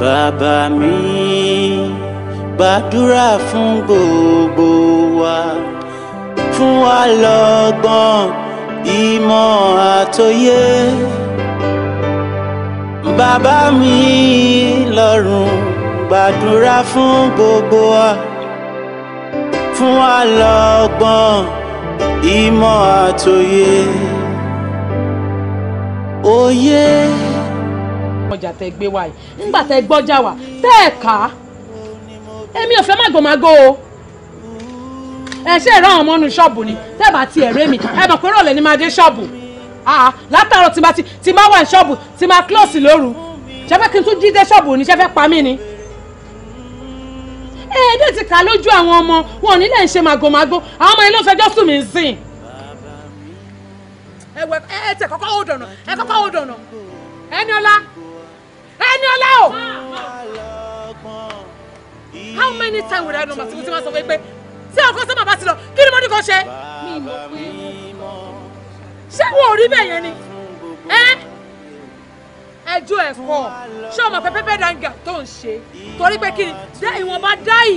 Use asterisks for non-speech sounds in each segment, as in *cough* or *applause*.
bàbá mi gbàdúrà fún gbogbo wa fún wa lọ́gbọ́n ìmọ̀ àtòyé bàbá mi lọ́run gbàdúrà fún gbogbo wa fún wa lọ́gbọ́n ìmọ̀ àtòyé òye. Oh, yeah ọjà tẹ gbé wá yìí nígbà tẹ gbọ́jà wá tẹ ẹ̀ ká èmi ò fẹ́ má gbọ̀mágó o ẹ ṣe ìran ọmọ nu ṣọ́ọ̀bù ni tẹ́ bá ti ẹ̀rẹ́ mi ẹ mọ̀ pé rọ̀lẹ́ ni máa dé ṣọ́ọ̀bù látàárọ̀ tí máa ti máa wà ní ṣọ́ọ̀bù tí máa kílọ̀sì lóru ṣe fẹ́ kí n tún jí dé ṣọ́ọ̀bù ni ṣe fẹ́ pa mí ni. èdè ti kà lójú àwọn ọmọ wọn ò ní lè ṣe màgòmágó àwọn ọmọ yẹn ló fẹjọ́ sùn mí sìn. ẹ wẹ ẹ tẹ kọ́kọ́ ó dọ̀nà ẹ kọ́kọ́ ó dọ̀nà ẹni ọlá Ẹniọlá o. how many times would I know màsíkò tí wọ́n sọ fún mi pé tí ọkọ sábà bá ti lọ kí ni mo ní kò ṣe. mi ì mọ̀ pé ṣé wọn ò rí bẹ́ẹ̀ yẹn ni ẹjọ́ ẹ̀kọ́ ṣé ọmọ pẹpẹ bẹ́ẹ̀ dáńgà tó ń ṣe torí pé kí ni ìwọ̀nba dáì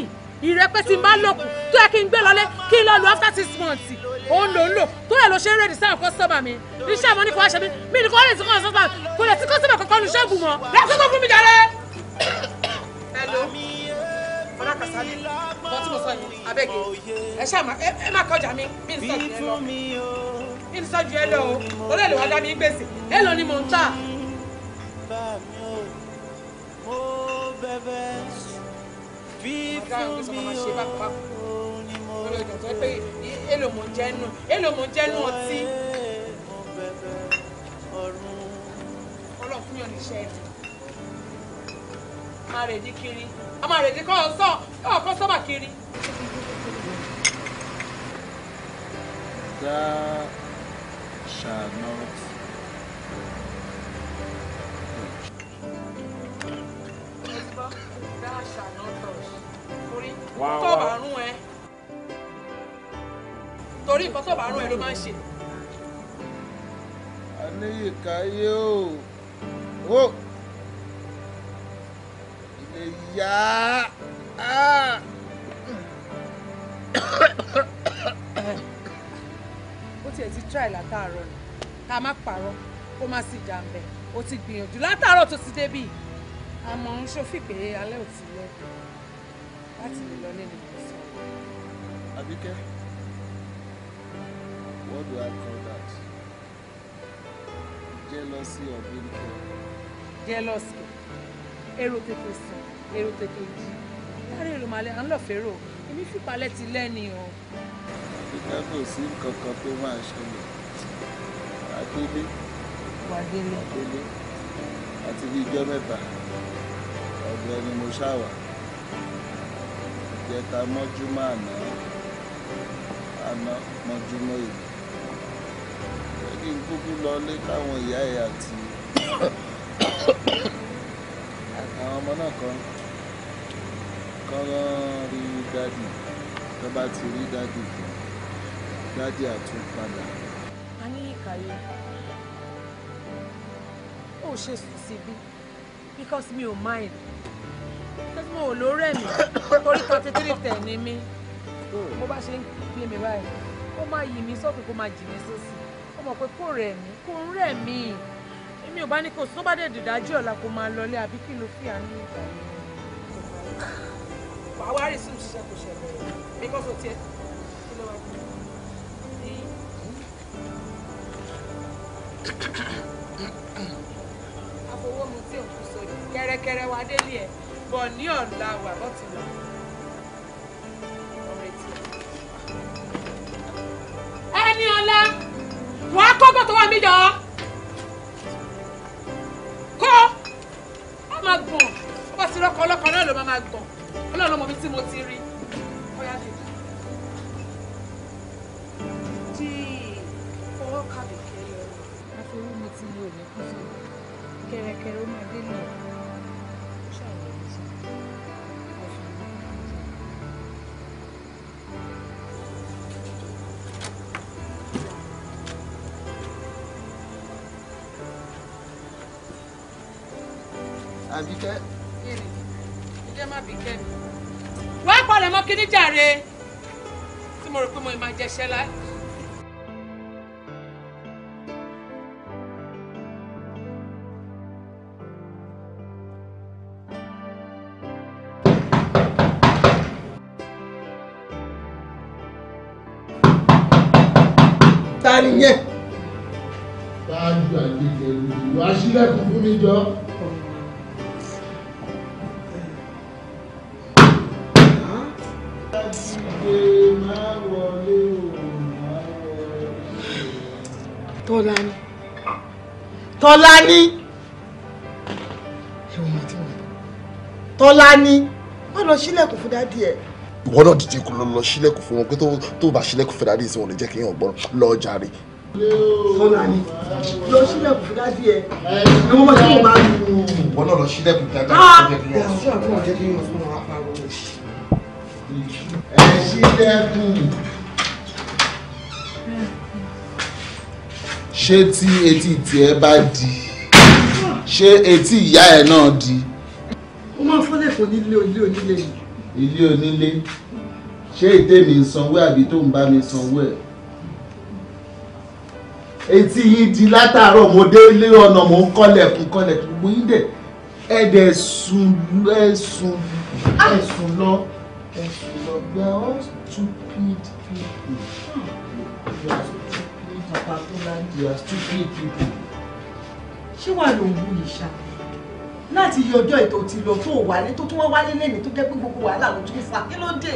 ìrẹ́pẹ́ ti máa lòkù tó yẹ kí n gbé lọlé kí n lọ lu after six months ó ń lò ń lò tó yẹ ló ṣe ń rẹ́ni sáà kọ́sítọ́mà mi iṣẹ́ àmọ́ ní kò wá ṣe mí mi ní kò wá lè ti kọ́sítọ́mà kò lè ti kọ́sítọ́mà kankan nu ṣọ́ọ̀bù mọ́ lásìkò fún mi jàre. hello ọ̀rá kàsálẹ̀ bọ́ tí mo sọ yìí abẹ́gẹ́ ẹ ṣáà má ẹ má kọjá mi mi ń sọ̀jù ẹ lọ mi ń sọ̀jù ẹ lọ o olóyè lè wá dá mi gbèsè ẹ lọ ni mò ń tà. ọ̀gá àwọn ọ̀gbẹ́sọ̀ èlò mò ń jẹ́nu èlò mò ń jẹ́nu ọtí. ọlọ́run fún yàn níṣẹ́ ẹ̀ máa rè dí kiri a máa rè dí kọ́ ọ̀sán kọ́ ọ̀kọ́ sọ́mà kiri. Thou shall rún ẹ torí nǹkan tó bá rán ẹ ló máa ń ṣe. aníyíká yé o o ilé yá á. ó tiẹ̀ ti try látàárọ̀ ni ká má parọ́ kó má sì dà ń bẹ̀ ó ti gbìyànjú látàárọ̀ tó ti débì àmọ́ ń ṣòfì pé alẹ́ ò ti lẹ́kọ̀ọ́ láti lè lọ nínú ìgbésẹ̀. àbíkẹ́. What do I call that? Jealousy of being careful. Jealousy. Èrò tètè sùn, èrò tètè jí. Láàárín èrò màlẹ́, à ń lọ fèrò. Èmi fìpalẹ̀ ti lẹ́ni o. Ìdábò sí nǹkan kan tó máa ṣẹlẹ̀. Adélé. Wàdélé. Adélé. Àti bí ijọ́ mẹ́ta. Ọ̀dọ̀ ni mo ṣáwà. Ìjẹta mọ́júmọ́ àná. Àná mọ́júmọ́ èmi kí n kúkú lọlé káwọn ìyá ẹ àti àwọn ọmọ náà kan kán rí dádì tó bá ti rí dádì kan dádì àtún padà. a ní ìkàyé ó ṣe sùn síbí because mi ò mind tẹ́tí mo ò lórí ẹ̀mí torí thirty three ten ni mí bó bá ṣe ń pè mí báyìí ó máa yì mí sọ́kùn kó máa jì mí sósì mọ̀ pé kò rẹ̀ mí kò ń rẹ̀ mí èmi ò bá ní kò sọ́bà dẹ̀ dìdájú ọ̀la kò máa lọlé àbí kí ló fi àánú ìgbà mi. wàá rí sùn ṣiṣẹ́ kò ṣẹlẹ̀ mi kọ́ sọ tiẹ̀ kí ló wá kú. àfọwọ́ mu tí òkú sọ yìí kẹ́rẹ́kẹ́rẹ́ wa délé ẹ̀ bọ̀ ní ọ̀la wà bọ́tìlá. ẹni ọlá wàá kó gbọ́tọ̀ wà mí jọ kó ọ máa gbọ̀n ó bá ti rọ́kọ ọlọ́kọ náà ló máa gbọ̀n ọlọ́run mọ̀ mi tí mo ti rí ọyá lè dí ọwọ́ kàbìkẹ́ yọ. àfi orú mi ti yọ ní kúrò kẹ̀rẹ̀kẹ̀rẹ̀ ó máa dé náà. àbíkẹ́. ìjẹ́ má bìkẹ́ mi. wá palẹ̀ mọ́ kíní jàre tí mo rò pé mo máa jẹṣẹ́ láì. ta yẹn. ṣáájú àgbègbè ìlú àṣírẹ́kùn fún mi jọ. Tọ́lání Tọ́lání má lọ sílẹ̀kùn fún dádì ẹ̀. ìwọ náà dìde kó lọ lọ sílẹ̀kùn fún wọn pé tó bá sílẹ̀kùn fún dádì ìsìn wọn lè jẹ́ kí èèyàn gbọ́n lọ jàre. Tọ́lání lọ sílẹ̀kùn fún dádì ẹ̀ ni wọ́n bá tí wọ́n bá ń lu. ìwọ náà lọ sílẹ̀kùn fún dádì ah! ẹ̀ ṣílẹ̀kùn. ṣé tí etí tiẹ̀ bá di ṣé etí ìyá ẹ̀ náà di. ó máa fọ́lẹ̀ fún nílé ilé onílé yìí. ilé onílé ṣé èdè mi ń sanwó àbí tó ń bá mi sanwó ẹ̀. etí yín di látàárọ̀ mo dé ilé ọ̀nà mo ń kọ́lẹ̀kùn kọ́lẹ̀kùn mo yín dẹ̀ ẹ̀dẹ̀ sùn ẹ̀sùn ẹ̀sùn lọ ẹ̀sùn lọ we are all stupid. you are stupid people. ṣé wàá lò ń wú yìí ṣá láti yọ ọjọ́ ètò ti lọ tó wálé tó tún wá wálé lẹ́nu tó jẹ́ pé gbogbo wàhálà ló tún fà kí ló dé.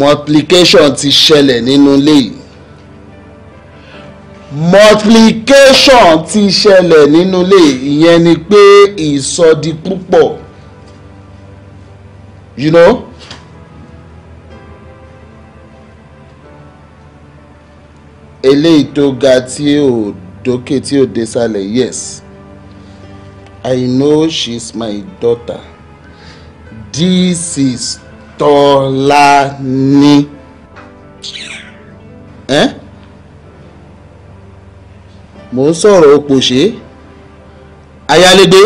multiplication ti ṣẹlẹ̀ nínú ilé yìí multiplication ti ṣẹlẹ̀ nínú ilé ìyẹn ni pé ìsọdipúpọ̀ you know eléyìí tó ga tí ò dókè tí ò désàlẹ̀ yes i know she's my daughter this is ni, Eh? mo ń sọ̀rọ̀ òpòṣé ayálédé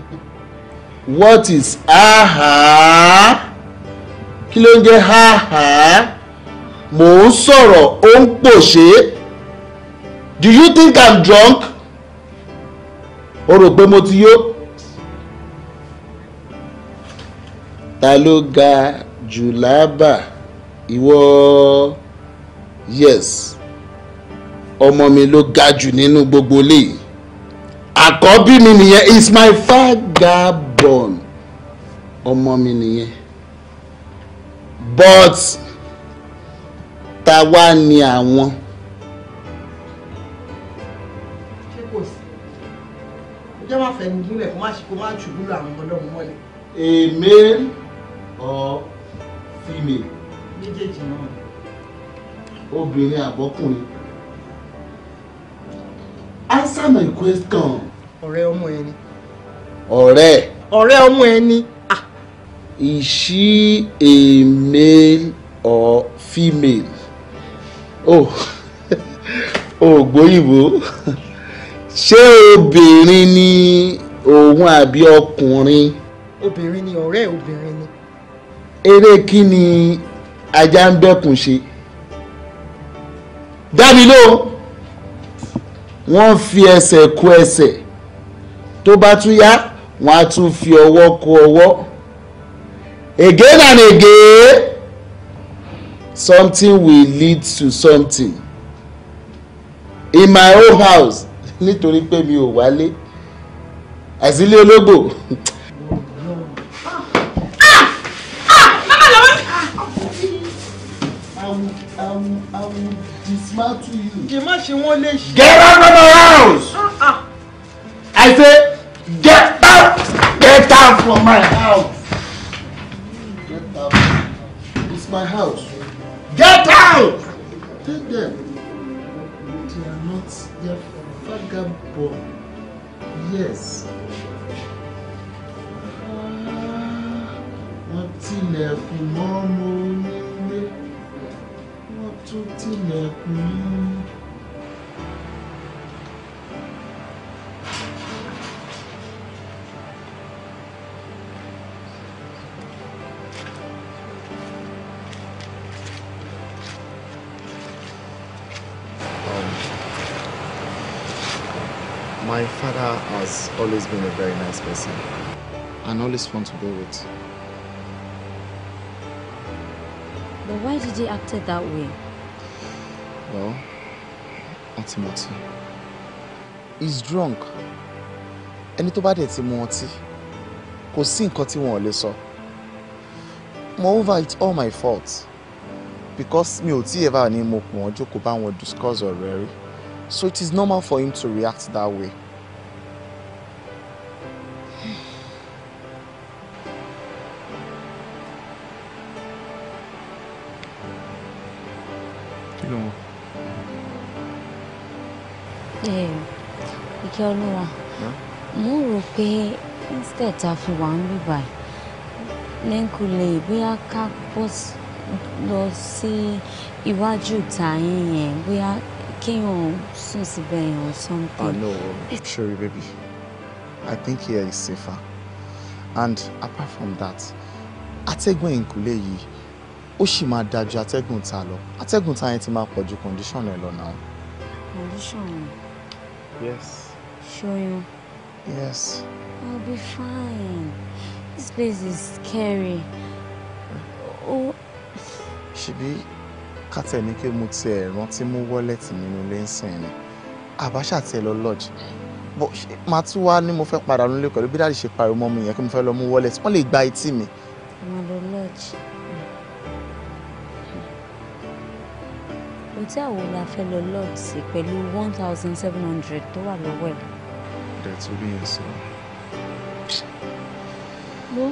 *laughs* what is ha kí ló ń ha. aha. Mo ń sọ̀rọ̀ ó ń pòṣé do you think i'm drunk? o rò pé mo ti yó? ta ló ga jù lábà ìwọ yes ọmọ mi ló ga jù nínú gbogbo léyìí àkọ́bí mi nìyẹn is my father born ọmọ mi nìyẹn but ta wá ní àwọn. ṣé kò sí ọjọ́ máa fẹ́ ní gúnlẹ̀ kó má ṣubú àwọn ọlọ́mọ mọ́lẹ̀. a male or female. méjèèjì náà. obìnrin àbọ́kùnrin. answer my question. ọ̀rẹ́ ọmọ ẹni. ọ̀rẹ́. ọ̀rẹ́ ọmọ ẹni. Ah. Is she a male or female? oh ògbóyìnbó ṣé obìnrin ni òun àbí ọkùnrin. obìnrin ni ọ̀rẹ́ obìnrin ni. eré kí ni ajá ń bẹ́kùn ṣe dá mi lóhùn wọ́n fi ẹsẹ̀ kó ẹsẹ̀ tó bá tún yá wọ́n á tún fi ọwọ́ kó ọwọ́ again and again something will lead to something in my own house *laughs* nítorí pé mi ò wálé àsílẹ̀ ológbò. Get out of my house! Uh -uh. I say, get out! Get out from my house! Get out! It's my house. Get out! Tell them they are not their vagabond. Yes. Ah, wọ́n tilẹ̀kùn mọ́ ọmọ What Wọ́n tún tilẹ̀kùn mọ́. My father has always been a very nice person and always fun to be with. But why did he act it that way? Well, Atimoti. He's drunk. Ẹni tó bá dẹ̀ ti cutting ọtí, kò sí Moreover, it's all my fault. Because mi ò ever any mo pọ̀ wọ́n jókòó discuss ọ̀rọ̀ rí. So it is normal for him to react that way. àbíkẹ́ olúwa mo rò pé instead ta fi wà ń bí báyìí lẹ́ńkù lè bóyá ká bọ́ lọ sí iwájú ìta yẹn bóyá kéèyàn sùn síbẹ̀ yẹn or something. I know sorry baby I think here is safer and apart from that atẹ́gùn ìkúlé yìí ó sì máa dájú atẹ́gùn ta lọ atẹ́gùn ta yẹn ti máa pọ̀ ju condition ẹ̀ lọ náà. condition. yes. Show you. Yes. I'll be fine. This place is scary. Oh. Ṣebí kátẹ̀ ní kí mo tiẹ̀ rántí mú wọ́lẹ̀tì nínú ilé ń sìn ni. Àbáṣà tiẹ̀ lọ lodge. Bọ̀ máa tún wá ní mo fẹ́ padà nílé pẹ̀lú bí dáàdì ṣe pariwo mọ́ mi yẹn kí mo fẹ́ lọ mú wọ́lẹ̀tì. Wọ́n lè gba etí mi. Mo lọ lọ́ọ̀jì. Hòtẹ́ẹ̀lì wo la fẹ́ lọ lọ́ọ̀jì sí pẹ̀lú one thousand seven hundred tó wà padà torí ẹ̀ sọ̀rọ̀. wo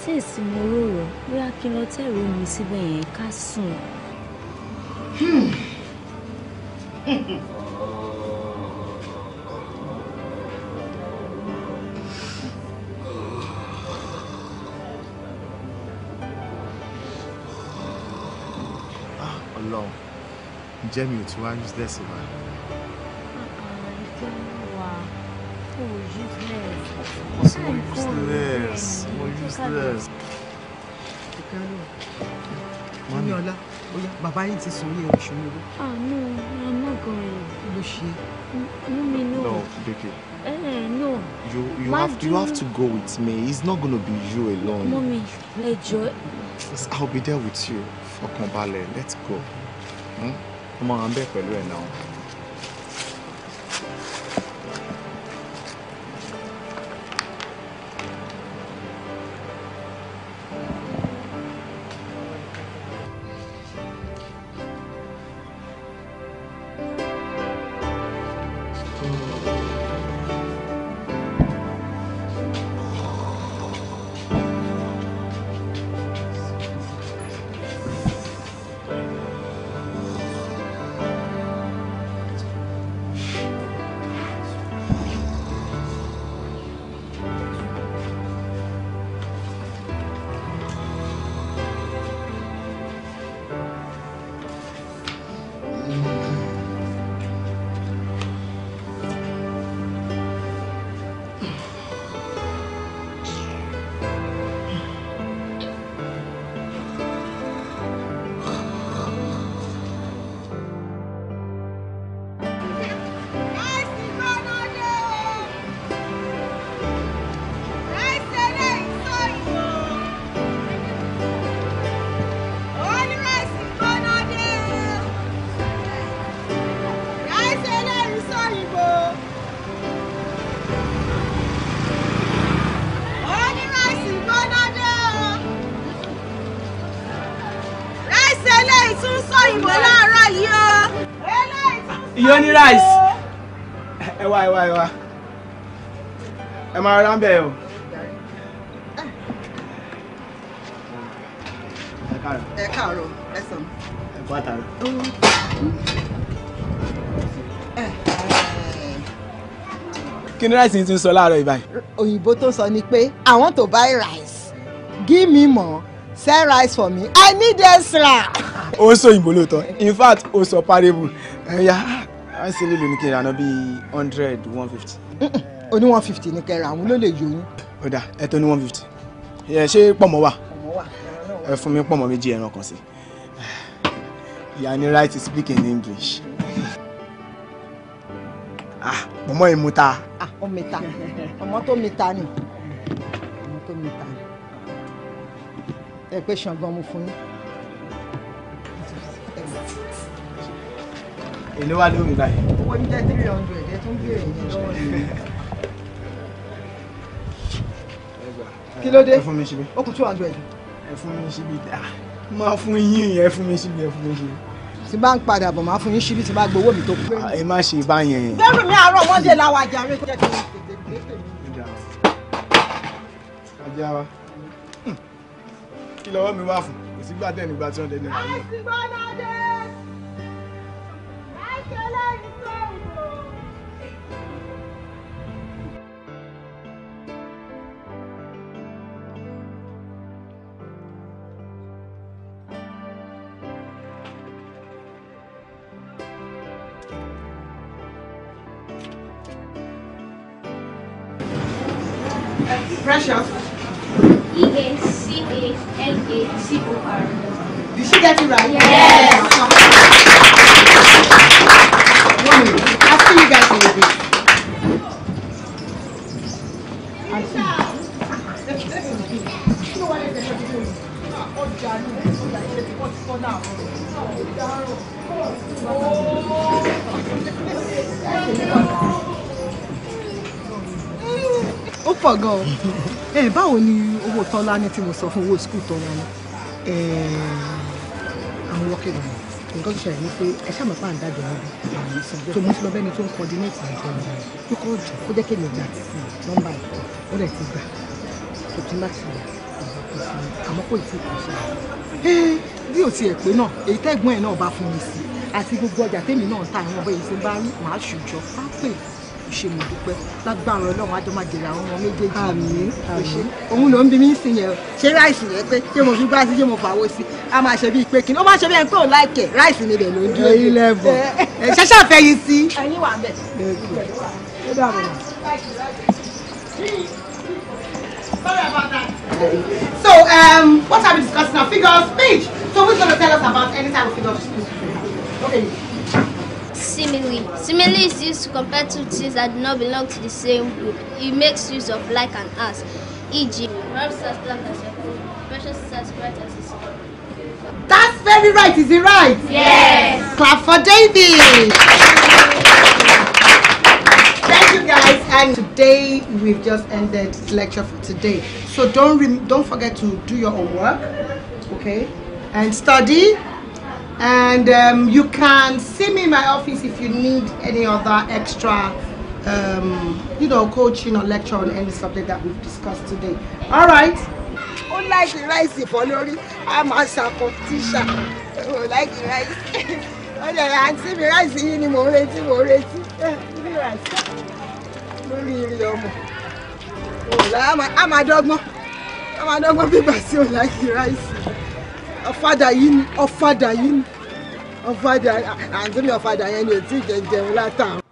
tí èsì mo rorò bóyá kí n lọ tẹ̀rù mi síbẹ̀ yẹn ká sùn. Ah, Ọlọ́run ǹjẹ́ mi ò ti wá Nasıl uykusuz? Uykusuz. Mami Ọlá, bóyá bàbá yìí ti sùn yẹ oṣù mi. Ah no, I'm not going. Kí ló ṣe? Mummy no. No, Beke. Eh, eh, no. You you Madu. have you have to go with me. It's not going to be you alone. Mummy, ẹ jọ̀ọ́. I'll be there with you. Fọkàn balẹ̀, let's go. Ọmọ àwọn bẹ́ẹ̀ pẹ̀lú ẹ̀ náà. ìdílé ó rice ẹ eh, eh, wá ẹ wá ẹ wá ẹ máa rán bẹ́ẹ̀ o. ẹ káàárọ̀ ẹ sàn. ẹ kó àtàrà. kí ni rice ti ń sọ láàárọ̀ ìbáyìí. òyìnbó tó sọ ni pé i want to buy rice give me more sell rice for me i need extra. ó sọ òyìnbó in fact ó sọ parable ẹ̀yà à ń sin nílùú ní kí n rànà bíi hundred one fifty. o ní one fifty ní kẹrin àwọn ló lè yọ yín. ó dà ẹ tó ní one fifty ẹ ṣé pọ̀mọ́ wà ẹ fún mi pọ̀mọ́ méjì ẹran kan sí ìyá ni right to speak in English ah pọ̀mọ́ yìí mú ta. ó ah, mi ta ọmọ tó mi ta ni ọmọ tó mi ta ni ẹ pé ṣàngán mo fún yín. èlé wà lórí báyìí. owó ń jẹ́ three hundred ẹ̀ tó ń béèrè yẹn lọ́wọ́ sí. kí ló dé ó kù two hundred. ẹ fún mi síbi máa fún yín ẹ fún mi síbi ẹ fún mi síbi tí bá ń padà bọ̀ máa fún yín ṣíbí tí bá gbowó mi tó pé. ẹ má ṣe báyẹn yẹn. gbẹ́rù mi wa mi wá fún kò sígbà tẹ̀ nígbà tí wọ́n dé ní ìlú. àìsí Bakıyorlar ìjánu ìṣúná ìṣe tí wọ́n ti ó pọ̀ gan ẹ báwo ni owó tọ́lá ní tí mo sọ fún owó skul tọ́lá ni àwọn wọ́kìlì nǹkan tó ṣẹlẹ̀ ni pé ẹ ṣáà máa bá ń dájọ́ níbi tó mo ti lọ bẹ́ni tó ń coordinate àjọ mi tó kọ́ jù kó jẹ́ kéèyàn gbà nọ́mbà yìí ó dẹ̀ ti gbà kò tún láti gbà kù sí mi àmọ́ kò tí kù sí mi bí ò tiẹ̀ pé náà èyí tẹ́gbọ́n ẹ̀ náà bá fún mi sí àti gbogbo ọjà tèmi náà ń ta àwọn ọbẹ̀ yìí tí ń bá rí màá ṣùjọ pápẹ́ ṣe mo dúpẹ́ lágbára ọlọ́run àjọ máa jèrè àwọn ọmọ méjèèjì. àmín àmín. òun ló ń bi mí sí yẹn o ṣé ráìsì rẹ pé ṣé mo fi gbá sí ṣé mo fàwọ́ sí a máa ṣe bíi pé kí ni ó máa ṣe bí ẹni pé òun láìkẹ̀ ráìsì ni ibẹ̀ ló ń dúró. ẹyin lẹ́bọ̀ ṣẹ́ṣẹ́ fẹ́ sí. ẹyin wà bẹ̀. ó dàbọ̀. Sorry about that. So, um, what are we discussing now? Figures, speech. So who's going to tell us about any type of figure Okay. Simile. Simile is used to compare two things that do not belong to the same group. It makes use of like and as, e.g. That's very right, is it right? Yes. Clap for David. guys and today we've just ended lecture for today so don't don't forget to do your homework okay and study and um, you can see me in my office if you need any other extra um, you know coaching or lecture on any subject that we've discussed today all a *laughs* *laughs* oríire ọmọ òòlà á máa dọ́gbọ́n á máa dọ́gbọ́n bíbà sí òòlà yìí ráìsì ọ̀fadà yìí ni ọ̀fadà yìí ni ọ̀fadà àǹtí mi ọ̀fadà yẹn ni ò tí ì jẹun látàrún.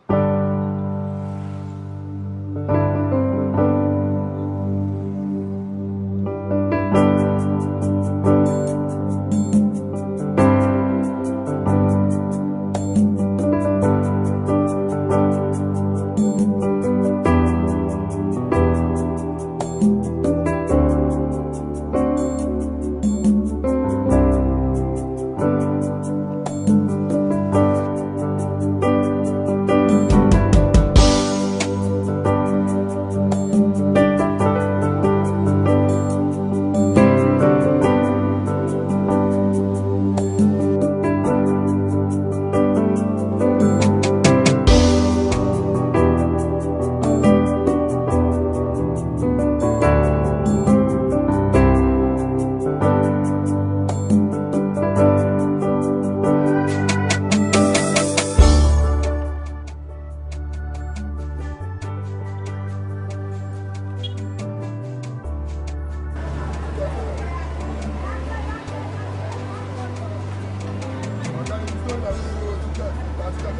sórí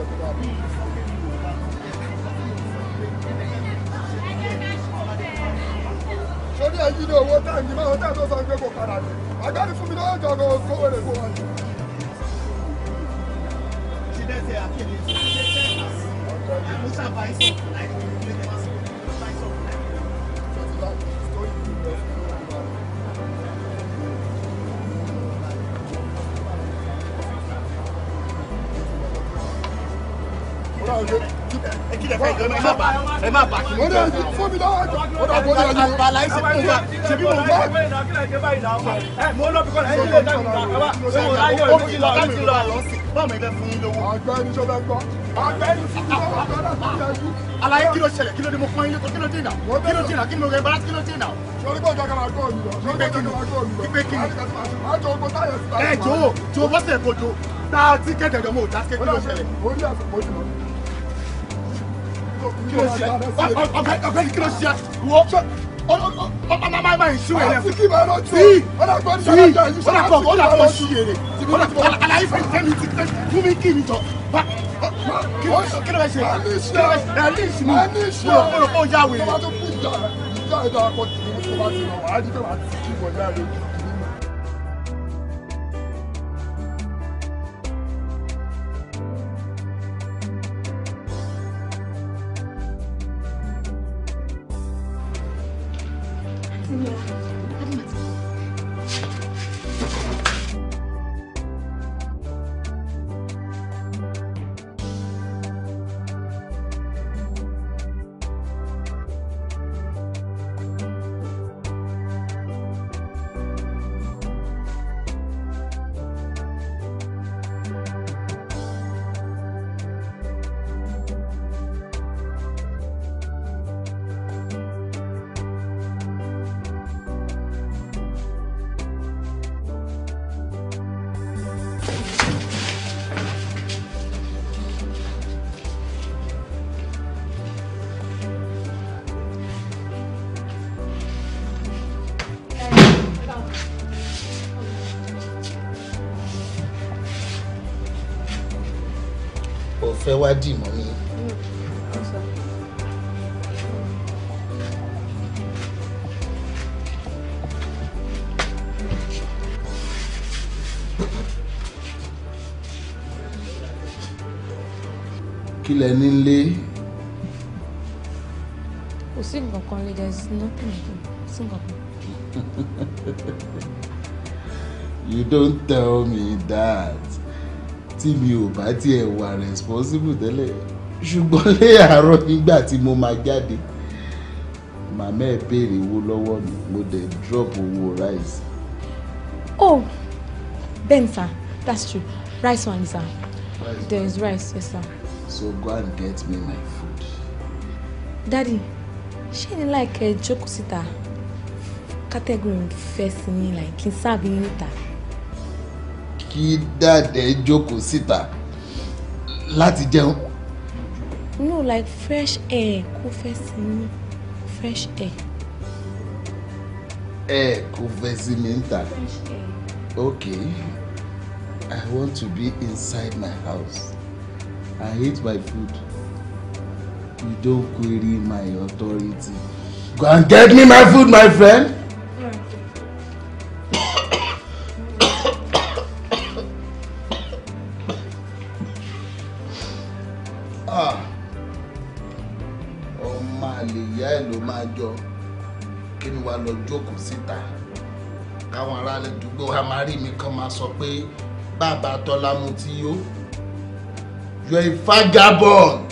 ẹ̀yìn ní owó táyì máa ń tẹ̀ tó sọ pé kò padà dé agbárí fún mi lọ́wọ́ jọ̀ọ́ kó kówó lè kó wọn jù. ṣídẹ́sẹ̀ àkèrè ṣídẹ́sẹ̀ àmúṣàbáyé láìpẹ́ ẹ má bà kí. ọ̀rẹ́ yìí fún mi lọ́wọ́ jọ. ó dà bọ́lá yìí. bàlá yìí sì kú wa ṣe bí mo bá. mo lọ bí kọ́lá ẹni lè dàgbà kaba. o láyé o ti lọ láti lọ àlọ́ sí. báwo ni ẹ fún yín lówó. àgbẹ̀ni sọ bẹ gbọ́. àgbẹ̀ni fún mi lọ́wọ́ jọ láti fi yanjú. àlàyé kí ló ṣẹlẹ̀ kí ló dé mo pọ́n yín lóko kí ló dé nà. kí ló dé nà kí mo rẹ bára kí ló dé nà. sori kò jọ kama bọ́sẹ̀ kojú. tá a ti kẹ́kẹ̀ẹ́ jọ mọ́ ò dá sí kí ló kí ló ṣe ọ̀gbẹ́ni ọ̀gbẹ́ni kí ló ṣe wọ ọmọ máa máa ìṣú ẹ̀ lẹ́fọ̀ sí ọ̀nà kọ̀ ọ̀nà kọ̀ ṣú yèrè aláyé fẹ́ fẹ́ mi ti tẹ́ fún mi kí mi jọ kí ló ṣe alice mi mo rò pé ó yá wèrè. lẹ nílé. kò sí nǹkan kan lè there is nothing again sí nǹkan kan. *laughs* you don't tell me that tí mi ò bá tiẹ̀ wà responsible tẹ́lẹ̀ ṣùgbọ́n lé *laughs* àárọ̀ nígbà tí mo máa jáde màmá ẹ̀ béèrè owó lọ́wọ́ mi mo dẹ̀ drop owó rice. oh ben sir that's true rice one sir rice there one. is rice yes sir. So go and get me my food. Daddy, ṣé ni like ẹ jókòó síta? Kátẹ́gùrì ń like sí mi láì kí n sáàbí níta. Kí dàdẹ láti jẹun. No, like fresh air kò fẹ́ sí mi. Fresh air. Air kò fẹ́ sí mi níta. Fresh Okay, I want to be inside my house. I hate my food. You don't query my authority. Go and get me my food, my friend. Ah. ọmọ àlè ìyá ẹ ló máa jọ kí ni rí mi kan máa sọ pé bàbá tọ́lá mu ti yó you are a vagabond.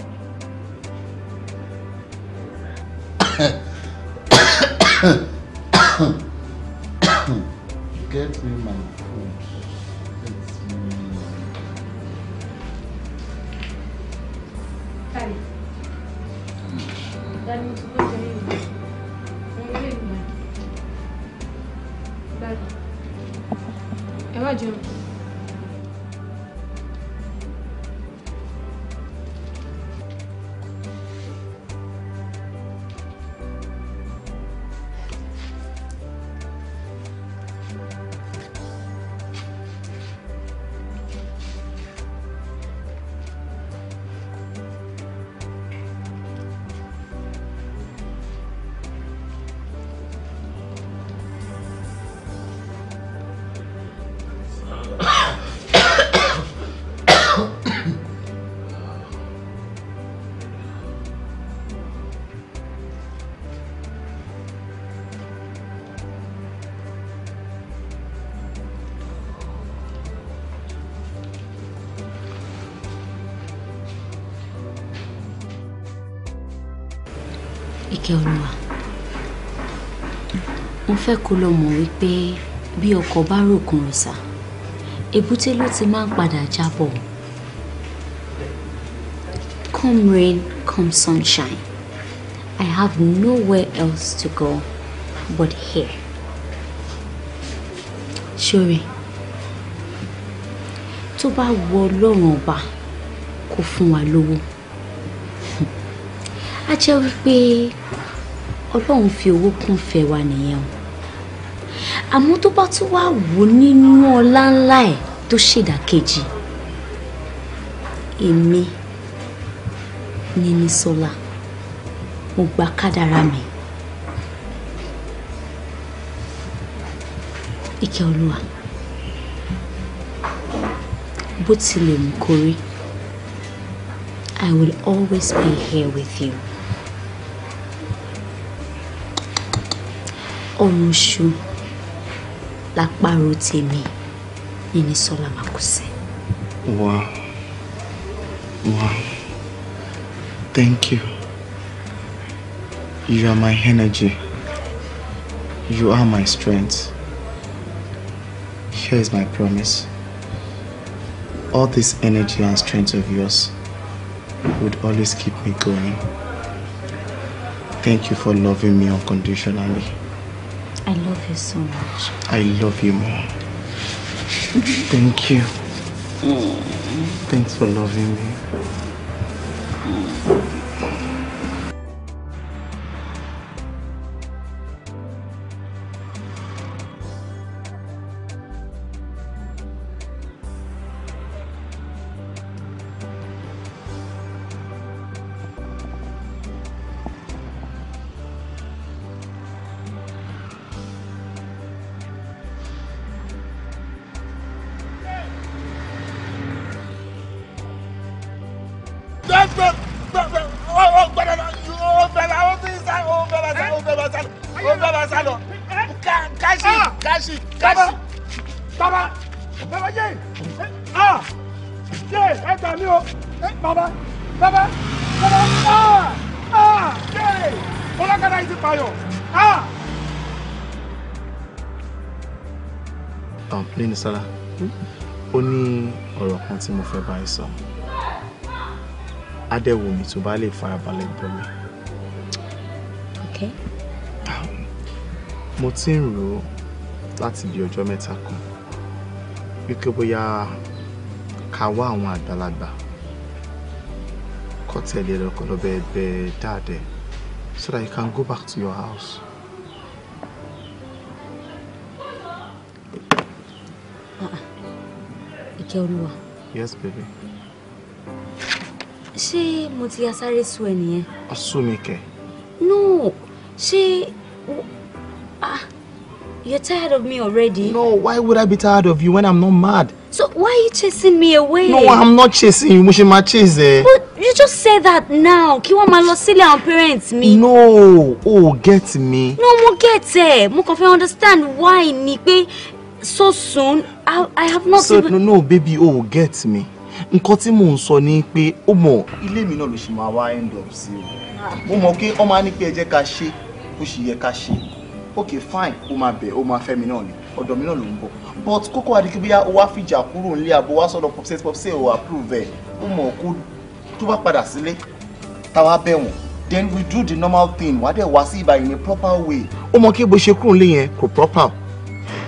fẹ́ kó lọ mọ̀ wípé bí ọkọ̀ bá rògùn rọ̀sà èbúté ló ti máa ń padà jábọ̀ come rain come sunshine I have nowhere else to go but here ṣóre tó bá wọ ọlọ́run ọba kó fún wa lówó a jẹ́ wípé ọlọ́run fi owó kún fẹ́ wa nìyẹn o àmọ́ tó bá tún wá wò nínú ọlá ńlá ẹ̀ tó ṣèdàkejì èmi ni Nísọ́lá mo gba kádàrá mi ìkẹ́ olúwa bó tilẹ̀ mú kórí I will always be here with you. ọ̀run ṣùgbọ́n lápárò tèmi níní sọlá máa kú sí. wá wá thank you you are my energy you are my strength here is my promise all this energy and strength of yours would always keep me going. Thank you for loving me unconditionally. love you so much. I love you more. Thank you. Mm. Thanks for loving me. dẹ̀ wù mí tó bá lè farabalẹ̀ gbọ́ mi. Um, mo ti ń rò ó láti bí ọjọ́ mẹ́ta kan wípé bóyá ká wá àwọn àgbàlagbà kọ́ tẹ̀lé lọ́kọ́ lọ́bẹ̀ bẹ dáadẹ́ so that you can go back to your house. Ah, ah. Ìkẹ́ Olúwa. Yes, baby ṣé mo ti ya sáré sú ẹ nìyẹn. ó no ṣé ah you're tired of me already. no why would I be tired of you when I'm not mad. so why are you chasing me away. no I'm not chasing you mo ṣe máa chase ẹ. but you just say that now kí wọ́n máa lọ sílé àwọn parents mi. no o oh, get me. no mo get ẹ mo kàn fẹ́ understand why ni pé so soon I, I have not. so even... no no baby o oh, get me nǹkan tí mò ń sọ ni pé ó mọ̀ ilé mi náà ló ṣe máa wá end up sí o mo mọ̀ pé ọmọ á ní pé ẹ ká ṣe bó ṣe yẹ ká ṣe ok fine ó máa bẹ̀ ó máa fẹ́ mi náà ni ọ̀dọ̀ mi náà ló ń bọ̀ but kókó adìgbé bóyá ó wá fìjà kúrò nílé àbò wá sọ̀rọ̀ pọ̀pṣẹ́ pọ̀pṣẹ́ ò approve ẹ̀ ó mọ̀ kó tó bá padà sílé táwa bẹ̀ wọ̀n then we do the normal thing wà á dẹ̀ wá sí ibà in a proper way. ó mọ̀ kí bó ṣe kúrò nílé yẹn kò proper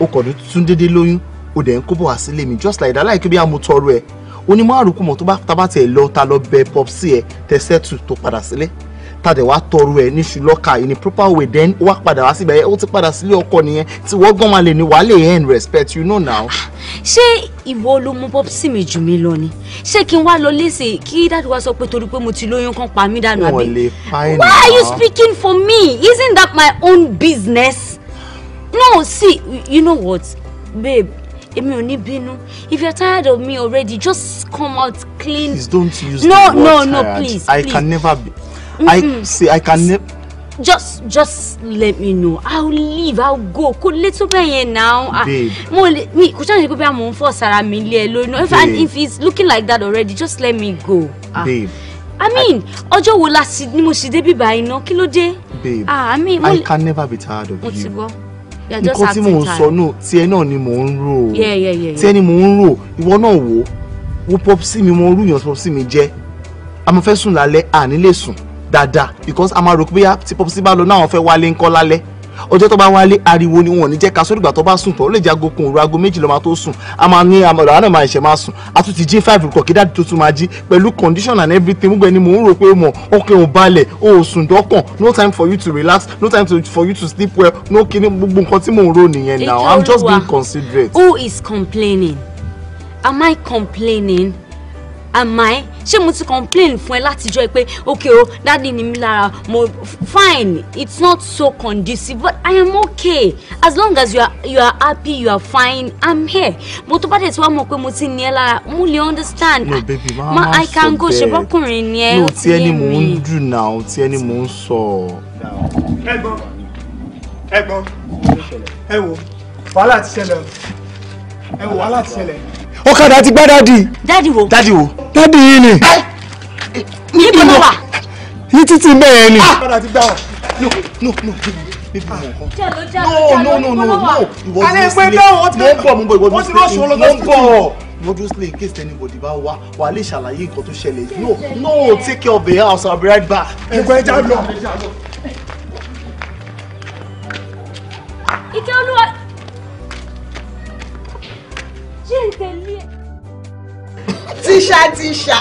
o kò tún déédéé lóyún o dẹ̀ ń kó bọ̀ wá sílé mi just like that láì kí bí a mú tọrọ ẹ̀ onímọ̀ àrùkù mọ̀ tó bá tabá tiẹ̀ lọ ta lọ bẹ popsi ẹ̀ tẹ̀sẹ̀tù tó padà sílé tàdé wàá tọrọ ẹ̀ ní ṣùlọ́ka in a proper way then ó wá padà wá síbẹ̀ ó ti padà sílé ọkọ nìyẹn tí wọ́n gan máa lè ní wàá lè earn respect you know now. ṣé ìwọ ló mú popsi mi jù mí lọ ni ṣé kí n wá lọ léṣe kí dáàdì wá sọ pé torí pé mo ti lóyún kan pa mí dànù àbí. wọ́n lè fáìnì náà why are you speaking for me isn't that my own business no see you know what babe èmi ò ní bínú if you are tired of me already just come out clean. please don't use no, the word no, tired no no please i can never be mm -mm. i say i can never. just just let me know i'll leave i'll go kò lè tó bẹ́ẹ̀ yẹn now ah, mo lè mi kò ṣàǹṣe pé bí àwọn fọ́ sára mi lé ẹ lórí náà if and if it's looking like that already just let me go. Ah. babe i mean ọjọ́ wo la sì ni mo sì débi báyìí ná kí babe ah, I, mean, i can never be tired of you. mo ti gbọ́ nǹkan tí mò ń sọ náà tiẹ̀ náà ni mò ń rò tiẹ̀ ni mò ń rò ìwọ náà wò wo pọpsi mi mo rúyàn pọpsi mi jẹ́ a máa fẹ́ sùn lálẹ́ à nílé sùn dáadáa because a máa rò pé tí pọpsi bá lọ náà wọ́n fẹ́ wálé ńkọ́ lálẹ́ ọjọ́ tó bá wálé ariwo ni wọn ò ní jẹ́ ká sórí ìgbà tó bá sùn tán lè jẹ́ aago kan òru aago méjì lọ́ọ́ máa tó sùn a máa ní àmọ̀ràn àná máa ṣẹ̀ máa sùn a tún ti jí five kọ̀ kí dáàdì tó tún máa jí pẹ̀lú condition and everything gbogbo ẹni mò ń rò pé mọ̀ ọkàn ò balẹ̀ o ò sùn dọ́kàn no time for you to relax no time to, for you to sleep well no kini gbogbo nǹkan tí mò ń rò nìyẹn now I'm just being considerate. Who is complaining? Am I complaining? àmọ́ ẹ ṣé mo ti complain fún ẹ látijọ́ pé okay o dáàdi ni mi lára mo fine it's not so conducive but i am okay as long as you are, you are happy you are fine i'm here mo tó bá dẹ̀ tí wàá mọ̀ pé mo ti ní ẹ lára mo lè understand no baby ma ma i can go ṣe bọ́kùnrin ni ẹ o ti yé mi. no tí ẹni mò ń dùn náà ẹni mò ń sọ. ẹ̀gbọ́n ẹ̀gbọ́n ẹ wo wàhálà ti ṣẹlẹ̀ ẹ wo wàhálà ti ṣẹlẹ̀ ọ̀kadà ti gbá dádì. dádì wo. dádì wo. dádì yìí ni. níbo ló wà. ní títí bẹ́ẹ̀ ni. ọ̀kadà ti gbá wa no no no no no no no no alẹ́ pé bẹ́ẹ̀ wọ́n ti bọ̀ No no no no. No. ọlọ́dọ̀ obviously in case anybody bá wá wà lè ṣàlàyé nǹkan tó ṣẹlẹ̀ no no take care of the house I'll be right back. No. No. lọ. ìkẹ́ olúwa ṣé n tẹ̀lé ẹ. tíṣà tíṣà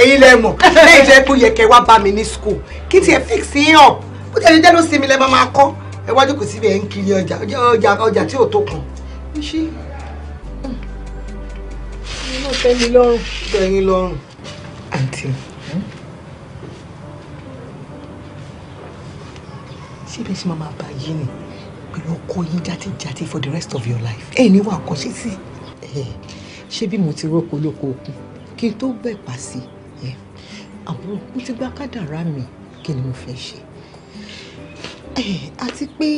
ẹ̀yin lẹ mọ̀ lẹ́yìn jẹ́ pé ó yẹ kẹ́ wá bá mi ní school kí tiẹ̀ fix yín hàn bó tiẹ̀ lè jẹ́ ló sinmi lẹ́ máa kọ́ ẹ wájú kò síbi ẹ̀ ń kiri ọjà ọjà tí ò tó kàn tẹ́mi lọ́rùn. tẹ́yìn lọ́rùn. àǹtí síbẹ̀ sí màmá bá yìí ni pẹ̀lú ọkọ yín játíjátí for the rest of your life ẹ̀ ní wà kọ́ títí ṣé bí mo ti rọ́pò lóko okun kí n tó bẹ̀ pa sí àbúrò mo ti gbá kádàrá mi kí ni mo fẹ́ ṣe àti pé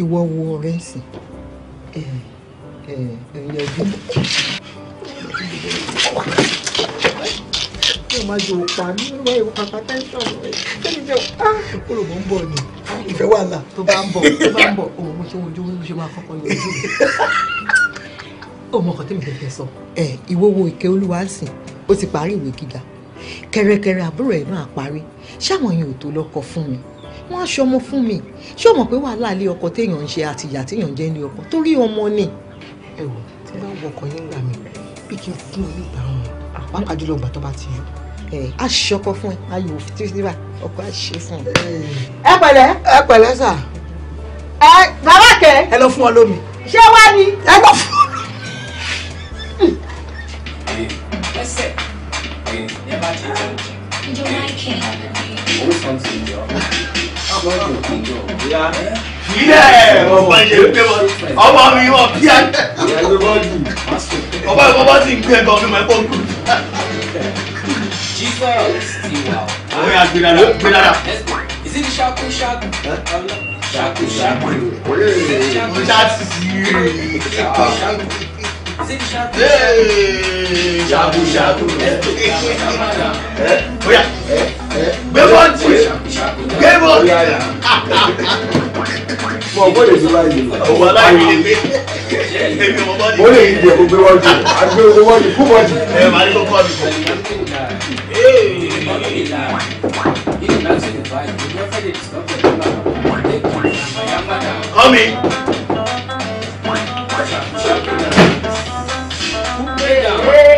ìwọ wo ọ̀rẹ́ ń sìn ẹ̀yẹ ọdún kí o máa jòwó pa mí wọ́n ìwọ kàkà tẹ́ńsán rẹ̀ sẹ́ni jẹ́ ah olùkọ́ ń bọ̀ ni ìfẹ́ wà là. tó bá ń bọ̀ tó bá ń bọ̀ òun mo ṣe wọn ojú mo ṣe máa kọ́kọ́ yọ ojú mi. òun mọ̀kàn tẹ́mi fẹ́ sọ. ẹ ìwo wo ìkẹ́ olúwa sìn ó ti parí ìwé gíga kẹrẹkẹrẹ àbúrò ẹ̀ máa parí ṣáwọn yẹn ò tó lọ́kọ fún mi wọ́n á ṣọmọ fún mi ṣé o mọ̀ pé wàhálà ilé ọkọ téèyàn ń ṣe àti ìyà téèyàn jẹ́ ilé ọkọ torí ọmọ ni. ẹ wò tí bá wọkọ yín gbà mí bí kí n fún ọ nígbà wọn pàápàá jùlọ ìgbà tó bá ti yọ a ṣe ọkọ fún ẹ a yọ títí níbà ọkọ a ṣe fún ẹ. ẹ pẹ̀lẹ́. ẹ pẹ̀lẹ́ sà. ẹ bàbá kẹ. ẹ lọ fún ọ lómi. ṣé wá ni. ẹ lọ fún ọ. ẹsẹ̀ ẹ bá ti jẹun jẹ. ìjọba kẹ. òun sọ ti yọ. ọmọ yóò kí yọ. ilé ọmọ yẹn gbé wọn ọmọ mi wọn bí i. ọmọ ìfọwọ́sì ń gbé ẹgbẹ́ ọmọ mi máa ń bọ̀ kú. Jesus ti wà o. Àwọn yà gbé dada gbé dada. Is it shaku. Shaku shaku. ṣaku. Mo ṣá ti sí i. Ṣaku shaku Is it ṣaku ṣaku? Ṣaku ṣaku. on, gbé on. gbé bọ́ọ̀tì mo bó lè dúró láyé lọ. ọwọ́ aláìní lè gbé mo lè jẹ gbogbo wọ́ọ̀dì àgbẹ̀ gbogbo wọ́ọ̀dì fún bọ́ọ̀dì. ẹ máa ní kókó ọ̀dì. Come in. Hey.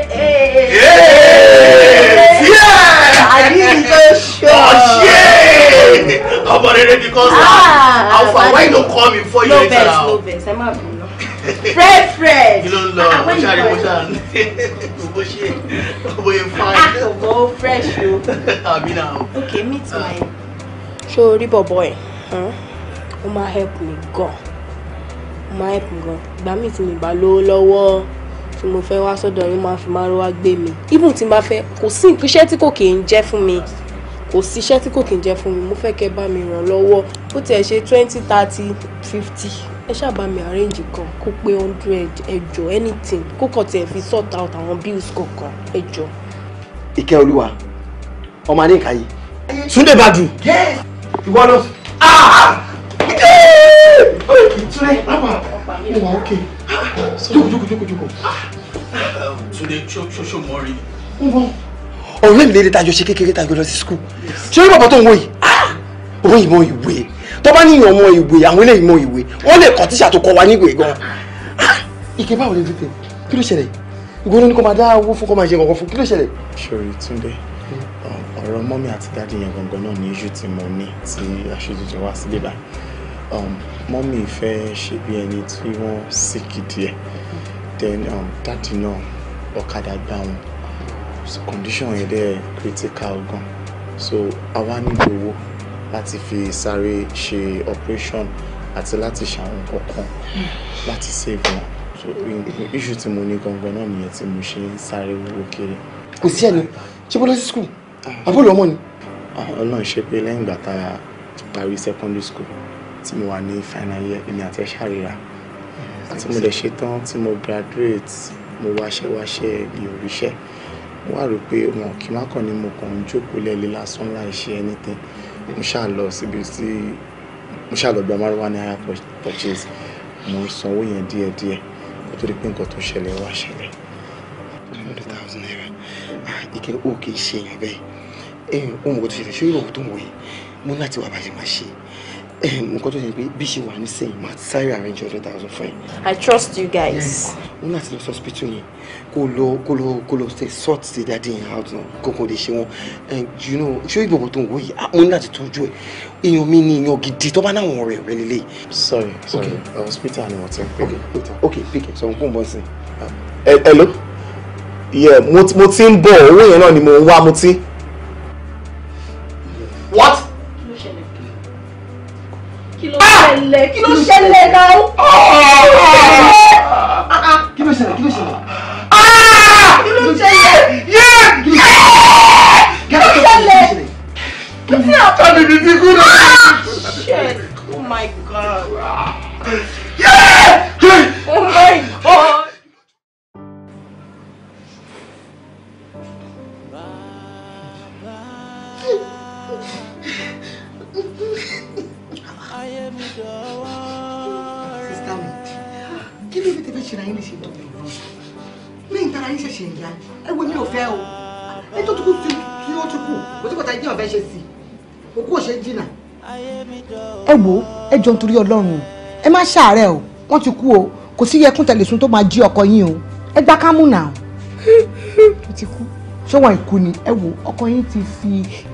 ọmọ rere because ah, ah, ah, alpha why you no call me before you enter out. no vex no vex ẹ má bínú. *laughs* fred fred. kí ló ń lọ mo ṣàrí mo ṣàrí *laughs* mo ṣe mo ṣe fine. akọ̀bọ̀ fresh o. *laughs* àmì náà. okay meet my. So, o boy, huh? ẹ̀ help me go. ó help me go. ìgbà míì me. mi bá lówó lọ́wọ́ tí mo fẹ́ wá sọ́dọ̀ yín máa fi máa rọ́wá gbé mi even tí n bá fẹ́ kò sí ìpínṣẹ́ tí kò kì í jẹ́ fún kò sí iṣẹ́ tí kò kí n jẹ́ fún mi mo fẹ́ kẹ́ bá mi ràn lọ́wọ́ bó tiẹ̀ ṣe twenty thirty fifty ẹ ṣáà bá mi arrange kan kó pé hundred ẹjọ anything kó kàn tiẹ̀ fi sort out àwọn bills kọ̀ọ̀kan ẹjọ. ìkẹ́ olúwa ọmọ aníkàyè Sunday Badu. Yes. ìwọ lọ sí. Tunde, Baba, you are okay. Jókòó, jókòó, jókòó, jókòó. Sunday ṣo ṣo mọ rí. Ń bọ̀ ọ̀rẹ́ mi lè ta àjọṣe kékeré ta àjọ lọ sí skul ṣé orí bàbá tó ń wọ yìí òun ah! ìmọ̀ ìwé tó bá níyàn ọmọ ìwé àwọn ilé ìmọ̀ ìwé wọ́n lè kọ́ tíṣà tó kọ́ wa níwèé gan. Ah! ike báwo lè dìde kí ló ṣẹlẹ̀ ìgbóná ní kó máa dá owó fún kó máa ṣe kankan fún kí ló ṣẹlẹ̀. sori Túndé ọ̀rọ̀ mọ́mí àti dáàdi yẹn gangan náà ní iṣu tí mo ní tí aṣojújẹ wá sílé bá um, mọ́mí fẹ́ ṣe bí ẹni tí wọ́n sì kìdí ẹ̀ then um, dáàdi náà ọ̀kadà gbá wọn so condition yẹn dẹ̀ critical gan so a wá nílò owó láti fi sáré ṣe operation àti láti ṣàwọn nǹkan kan láti save wọn so issue tí mo ní gangan náà nìyẹn tí mo ṣe ń sáré owó kiri. kò sí ẹni ṣé bọ́lá sí school ah. àbúrò ọmọ ni. Ah, ọlọ́run ṣe pé lẹ́yìn ìgbà tá a parí secondary school tí mo wà ní final year èmi àti ẹ̀ ṣàríra àti mo dẹ̀ ṣe tán tí mo graduate mo wáṣẹ́ wáṣẹ́ mo wá rò pé wọn kì í má kàn ní mo kàn ń jókòó lẹ́ẹ̀lẹ́ lásán láì ṣe anything mo ṣáà lọ síbi tí mo ṣáà lọ gba márùwá ní hire purchase mo sanwó yẹn díẹ̀díẹ̀ kó tó di pé nǹkan tó ṣẹlẹ̀ wá ṣẹlẹ̀ one ah, o kì í ṣe èèyàn bẹ́ẹ̀ eh, ohun kò tó ṣẹlẹ̀ ṣé yóò wò tó wòye mo láti wà bá ṣe máa ṣe é nǹkan tó ṣe pé bí ṣe wà nísìnyí máa sáré arrange hundred thousand fún I trust you guys. wọn láti lọ sọ́spítù yẹn kó lọ kó lọ kó lọ ṣe sort ṣe dáadé yẹn out náà kókó lè ṣe wọn you know ṣé ìgbọ̀ngàn tó ń wò yìí ah, mo ní láti tọ́jú ẹ èèyàn mi ni èèyàn gidi tó bá náwọn ọ̀rẹ́ rẹ lélẹ̀. sorry sorry hospital ni wọ́n ti ń pè é. ok pick it sọ̀rọ̀ fún bọ́ sí. hello yeah mo ti ń bọ̀ owó yẹn náà ni mo ń wá mo ti. what ṣẹlẹ̀ kí ló ṣẹlẹ̀ náà. kí ló ṣẹlẹ̀ kí ló ṣẹlẹ̀. kí ló ṣẹlẹ̀. kí ló ṣẹlẹ̀. kí ló ṣẹlẹ̀. kí ló ṣẹlẹ̀. ẹ jọ nítorí ọlọ́run ẹ má ṣàárẹ̀ o wọ́n ti kú o kò sí yẹkùn tẹ̀lẹ̀sùn tó máa jí ọkọ yín o ẹ gbá kámú náà ó ti kú ṣé wọn ìkú ni ẹ wò ọkọ yín ti fi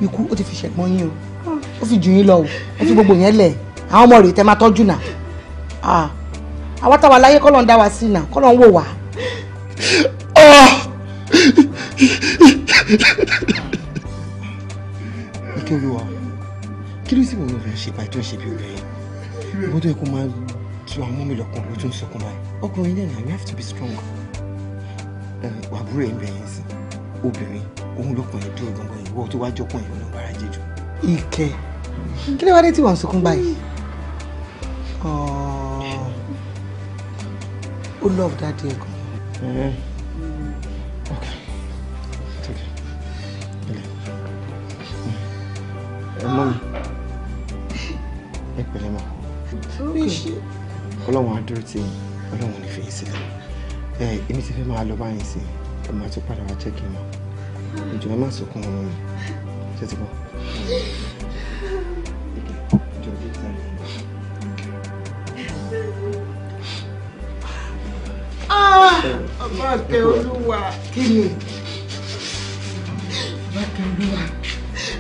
ikú ó ti fi ṣẹ̀gbọ́n yín o ó fi jù yín lọ o ó fi gbogbo yẹn lẹ̀ àwọn ọmọ rẹ̀ tẹ́ máa tọ́jú náà àwa táwa láyé kọ́ ń dá wa sí náà kọ́ ń wò wá. kí ló sì wọ́n fẹ́ ṣe báyìí ṣe bí obìnrin bó tó yẹ kó máa tu àwọn mi lọ́kàn ló tún sọkún báyìí ọkùnrin náà náà you have to be strong wà búrò ẹ̀ ń bẹ̀yẹn sí obìnrin òun lọ́kùnrin dúró gbọ̀ngàn ìwọ tó wá jọkùn ìwọ náà bára jẹjọ. ike kí ló wá dé tí wọ́n ń sunkún báyìí ó love dáadé ẹ̀ gan. Mami, espérame fi ṣe. ọlọ́run á dúró tì yín ọlọ́run ní fèyí sílẹ̀ ẹ èmi ti fẹ́ máa lọ báyìí sí ẹ máa tún padà wá jẹ́ kí n mọ̀ ìjọ ẹ má sunkún ọmọ mi ṣe ti bọ̀. ọba àtẹ olúwa kí ni bàtẹ olúwa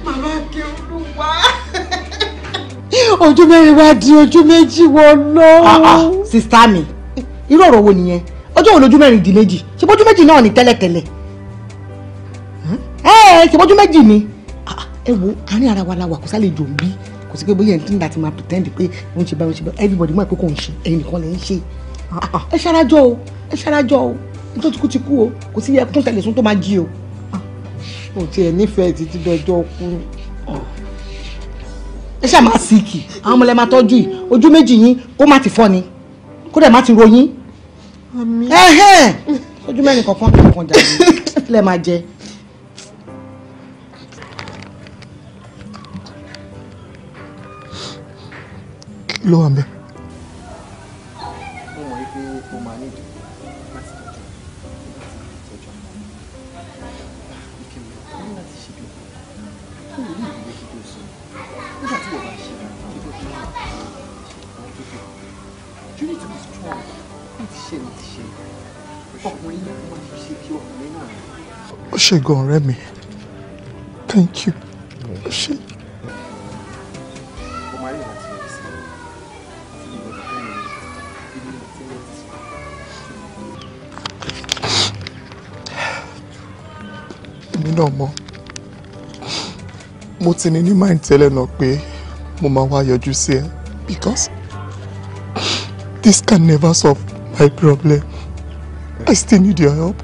màmá àtẹ olúwa ojú mẹ́rin wá di ojú méjì wọ lọ. Ah, ah, sista mi irú ọ̀rọ̀ wo nìyẹn ọjọ́ wo lójú mẹ́rin di méjì ṣe bójú méjì náà ni tẹ́lẹ̀tẹ́lẹ̀ hmm? ẹ ṣe bójú méjì ni ah, ẹ wo àárín ara wa la wà kó sálẹ̀ jò ń bí kò sí pé bóyá ẹni tí ń láti máa pretend pé ó ń ṣe báyìí ó ń ṣe báyìí everybody mọ̀ pé kò ń ṣe ẹ̀yin nìkan lè ń ṣe ẹ ṣarajọ o ẹ ṣarajọ o nítorí tí kú ti kú o kò sí yẹ kún tẹ̀lé sún tó máa jí o. o tiẹ̀ nífẹ̀ẹ́ títí dọjọ́ kú ẹ ṣáà máa síìkì àwọn ọmọ ilẹ̀ máa tọ́jú yìí ojú méjì yín kó má ti fọ́ ni kó dẹ̀ má ti ròyìn ojú mẹ́rin kankan ní kankan jàdí ilẹ̀ máa jẹ. kí ló wà ṣe gan ọ̀rẹ́ mi thank you ó ṣe. èmi náà mọ̀ mo ti ní ní mind tẹ́lẹ̀ náà pé mo máa wá yọjú sí ẹ because this can never solve my problem I still need your help.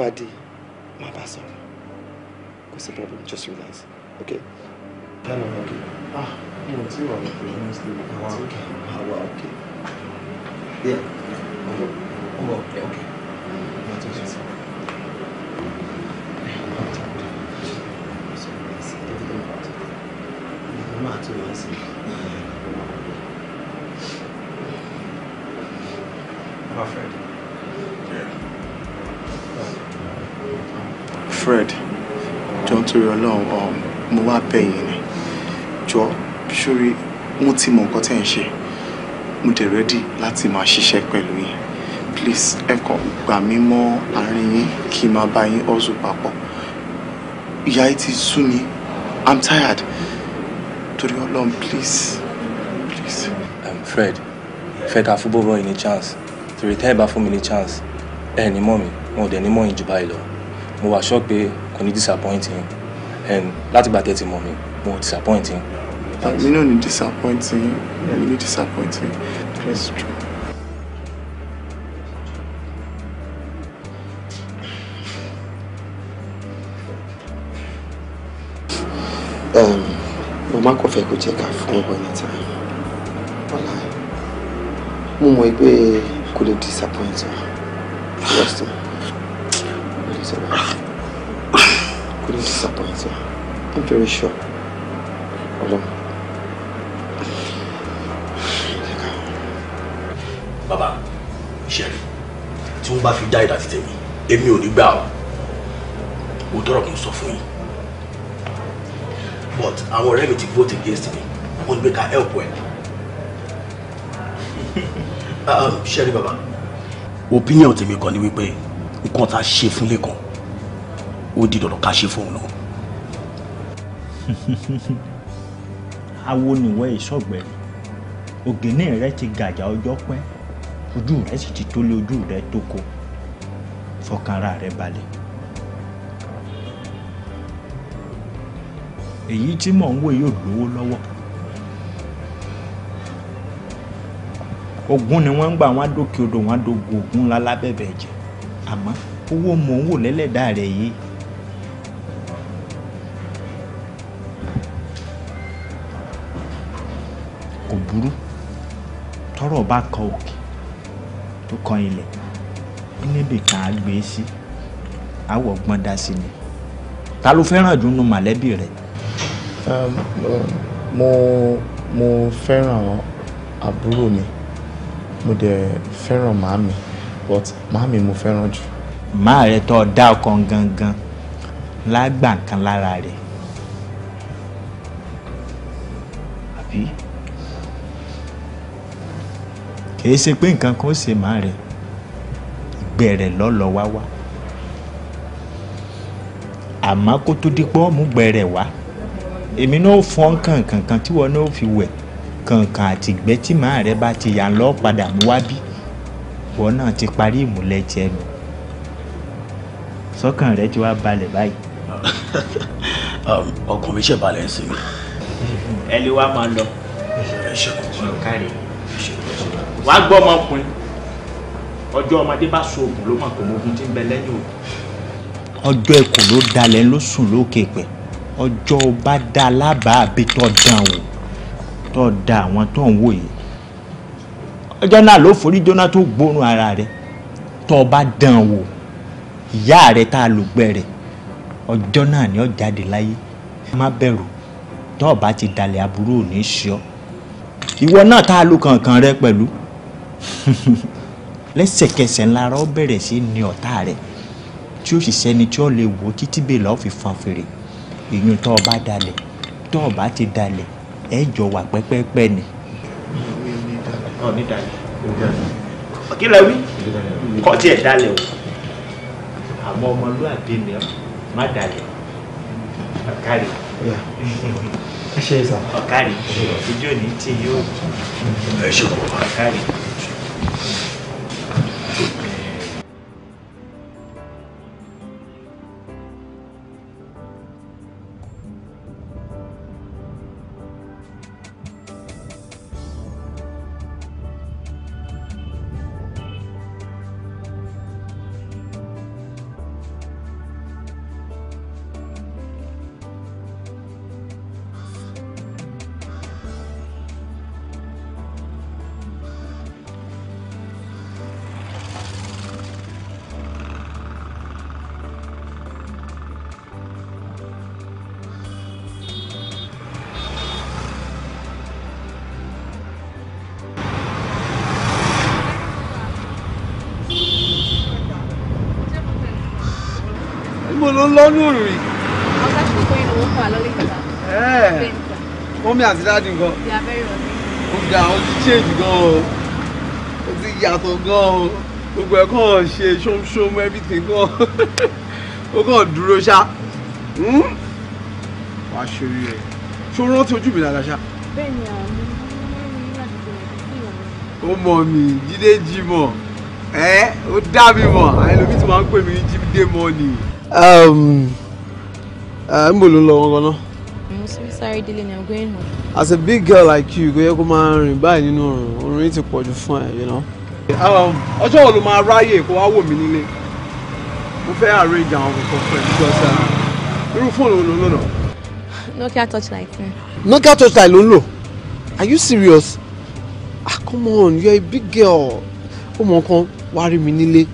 nobody láti máa ṣiṣẹ́ pẹ̀lú yín please ẹ kàn gbà mí mọ́ àárín yín kí n máa bá yín ọ̀zù papọ̀ ìyà yìí ti sú mi i'm tired torí ọlọ́run please please. Um, Fred Fred, ká fún bọ́bọ́ yìí ní chance torí tẹ́ ẹ bá fún mi ní chance ẹ ní mọ̀ mi wọn ò dẹ̀ ní mọ̀ yín jù báyìí lọ mo wà sọ pé kò ní disappoint yín látìgbà tẹ́ ti mọ̀ mi mo disappoint yín. náà ní disappoint ní disappoint please Um, mo má kò fẹ́ kó jẹ́ ká fún ọgbọ́n níta ọ̀la mo mọ̀ pé kò lè disappoint wa lọ́sùn kò lè sọ̀rọ̀ kò disappoint I'm very sure ọlọ́run. bàbá ṣẹ́ni tí wọ́n bá fi die that títẹ̀ mi èmi ò ní gbà ọ́ mo tọrọ kí n sọ fún àwọn ọ̀rẹ́ mi ti vote against me wọ́n make ká help ẹ̀. Sherry Baba. opinion tèmi kan ni wípé nǹkan tá a ṣe Lego. We did di dandan ká ṣe fún I náà. wear *laughs* a ìṣọ̀gbẹ́ ògèné rẹ ti gàjà ọjọ́ pẹ́ ojú rẹ sì ti tó lé ojú rẹ tó ko fọkànra rẹ balẹ̀. èyí tí mò ń wò yóò lówó lọ́wọ́ ogun ni wọ́n ń gbà wọ́n á dókè odò wọ́n á dogun ogun ńlá lábẹ́bẹ̀ jẹ́ àmọ́ owó mò ń wò lẹ́lẹ́dà rẹ̀ yìí kò burú tọrọ bá kọ òkè tó kọ ilẹ̀ níbi kan á gbé sí àwọ̀ gbọ́n dá sí ni ta ló fẹ́ràn jù nínú mọ̀lẹ́bí rẹ̀ Um, mo mo fẹ́ràn àbúrò mi mo dẹ̀ fẹ́ràn màámi but màámi mo fẹ́ràn jù. màá rẹ tó dá ọkàn gangan lágbà kan lára rẹ àbí kìí ṣe pé nǹkan kan ó ṣe màá rẹ ìgbẹ̀rẹ̀ lọ́lọ́ wá wá àmọ́ kó tó dípọ́ mú gbẹ̀rẹ̀ wá èmi náà fọ́ kankan kan tí wọ́n náà fi wẹ̀ kankan àti ìgbẹ́ tí màá rẹ bá ti yà lọ́ padà mú wá bí wọ́n náà ti parí ìmúlẹ̀ jẹ́ mi sọ́kàn rẹ ti wá balẹ̀ báyìí. ọkàn mi ṣe balẹ̀ sí mi. ẹ lè wá máa lọ. ẹ ṣe kò káre. wàá gbọ́ ọmọkùnrin ọjọ́ ọmọdé bá so oògùn ló mọ̀ pé mo gun ti ń bẹ lẹ́yìn òògùn. ọjọ́ ẹkùn ló dalẹ̀ ló sùn lókè pẹ̀ ọjọ́ bá dá lábàá àbí tó dàn o tó da àwọn tó ń wò yìí ọjọ́ náà ló forí jóná tó gbóòórùn ara rẹ tó bá dàn o ìyá rẹ tá a lò gbẹrẹ ọjọ́ náà ni ó jáde láyé má bẹ̀rù tó o bá ti dalẹ̀ aburú ò ní í ṣe ọ́ ìwọ náà tá a lò kankan rẹ pẹ̀lú *laughs* lẹ́sẹ̀kẹsẹ̀ ńlá rẹ ó bẹ̀rẹ̀ sí ní ọ̀tá rẹ tí ó sì sẹ́ni tí ó lè wò títí bèèlà ó fi fan fèrè ìyún tó bá dalẹ̀ tó bá ti dalẹ̀ ẹ jọ wà pẹ́pẹ́pẹ́ ni. kí lẹ wí kọ́ tiẹ̀ dalẹ̀ o àmọ́ ọmọlúwàbí ni má dalẹ̀ ọ̀kárì. ọ̀kárì ojú òní tí yóò ọ̀kárì. mọ́mí àti dáàdì gan. they are very happy. ó ga ó ti change gan o ó ti yàtọ̀ gan o gbogbo ẹ̀ kàn ṣe ṣómṣóm everything gan *laughs* ó kàn dúró ṣá hmm? wàá ṣe orí rẹ̀ ṣó rántí ojú mi dáadáa ṣá. bẹ́ẹ̀ ni àwọn ọmọ mi ní àdúgbò rẹ̀ sí ìwọ̀n. ó mọ̀ mí jíde jí mọ̀ ẹ ó dá mi mọ̀ àìlómi tí wọ́n á ń pè mí ní jíde mọ́ ni. Um, ń bò ló ń lọ wọn gan náà sáré délé ni i'm going home. as a big girl like you kò yẹ kó máa rìn báyìí nínú oòrùn oòrùn yìí ti pọ̀ jù fún ẹ you know. Um, ọjọ́ wo ló máa ráyè kó wá wò mí nílé mo fẹ́ arrange àwọn nǹkan fún ẹ bí wọ́n sá irú fóònù ló lò náà. nokia torchlight ni. nokia torchlight ló ń lò are you serious ah come on you are a big girl ó mọ nǹkan wá rí mi nílé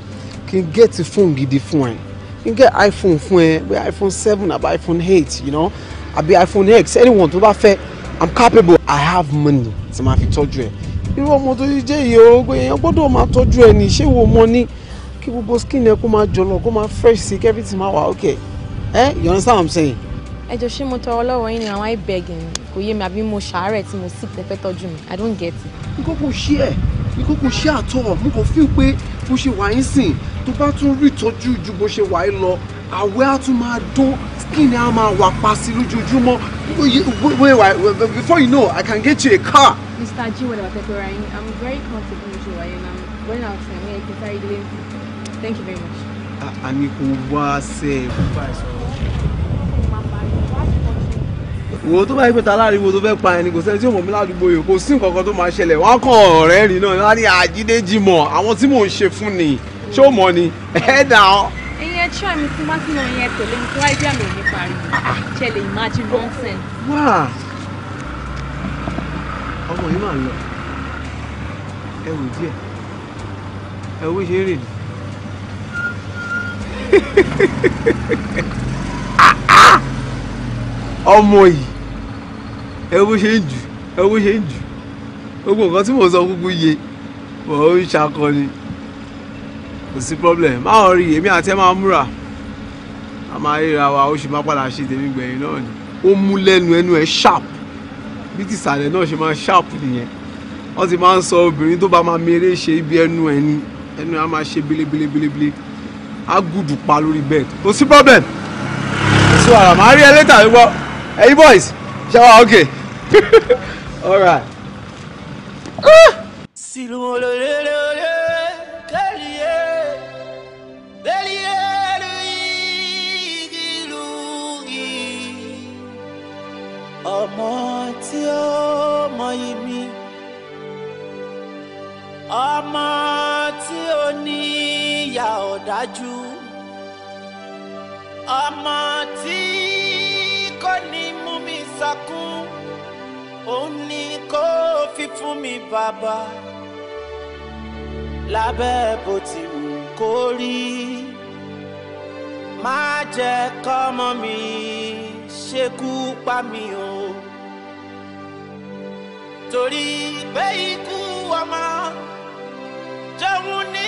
kí n gẹ́ẹ̀tì fóònù gidi fún ẹ kí n gẹ́ẹ̀ iphone fún ẹ iphone seven àbí iphone eight you know àbí iPhone X anyone tó bá fẹ́ i'm capable i have money tí màá fi tọ́jú ẹ̀ irú ọmọ tó ti jẹ́ ìyẹn o èèyàn gbọ́dọ̀ máa tọ́jú ẹ̀ ní ṣé wo mọ ní kí gbogbo skin ẹ kó máa jọlọ kó máa fresh sí kí everything máa wà ok ẹ you understand what i'm saying. ẹ jọ ṣé mo tọrọ lọ́wọ́ yín ni àwọn àìbẹ̀gẹ̀ kò yé mi àbí mo ṣàárẹ̀ tí mo sì pẹ́pẹ́ tọ́jú mi i don't get it. ìkókò ṣí ẹ ìkókò ṣí àtọ mo kàn fi pé bó ṣe wà yín sìn tó bá tún rí ìtọ́jú ju bó ṣe wà yín lọ àwẹ̀ á tún máa dán skin á máa wà pa sí lójoojúmọ́ before you know I can get you a car. Mr. Jiwon Atekora, I'm very comfortable with you and I'm going out and I to carry the lane. Thank you very much. Ah, a ní kò wá sẹ́ ẹ̀ fún wo tó bá yẹ pé ta aláriwo tó fẹ́ pa ẹni kò sẹ́ni tí òmò mi ládùúgbò yìí kò sí nǹkan kan tó máa ṣẹlẹ̀ wọ́n á kàn ọ̀rẹ́ rìn náà láti àjídéjì mọ̀ àwọn tí mò ń ṣe fún ni ṣé ó mọ̀ ni *laughs* ẹ̀ẹ́dà ọ́ ẹ̀yin ẹ try mi tí má sí náà yẹn tẹ̀lé mi tí wáyé bí àmì ò ní parí ah, ah. ṣe lè imagine nonsense. wá ọmọ yìí máa ń lọ ẹ wò díẹ̀ ẹ wò ṣe é rèé *laughs* ọmọ yìí ẹ bó ṣe ń jù ẹ bó ṣe ń jù gbogbo nǹkan tí mo sọ gbogbo yé mò ń ṣakọni kò sí problem máa rí èmi àti ẹ máa múra a máa ríra wa ó sì máa padà ṣe tèmi gbẹ̀yìn náà ni ó mú lẹ́nu ẹnu ẹ sharp bí tìsàlẹ̀ náà ṣe máa sharp nìyẹn wọ́n ti máa ń sọ obìnrin tó bá máa mèrè ṣe ibi ẹnu ẹni ẹnu ẹ máa ṣe bílébílébílébílé á gùdù pa lórí bed kò sí problem kò sí wàhálà máa rí ẹ létà wíwọ́ ẹyin boys ṣe wá ok *laughs* all right. Ah! ọmọ tí ó mọyì mi ọmọ tí ó ní ìyá ọ̀dájú ọmọ tí kò ní mú mi sọkún òun ni kó fi fún mi bàbá lábẹ́ bó ti wù kó rí má jẹ́ kọ́mọ mi ṣekú pa mí o torí pé ikú ọmọ jẹun ní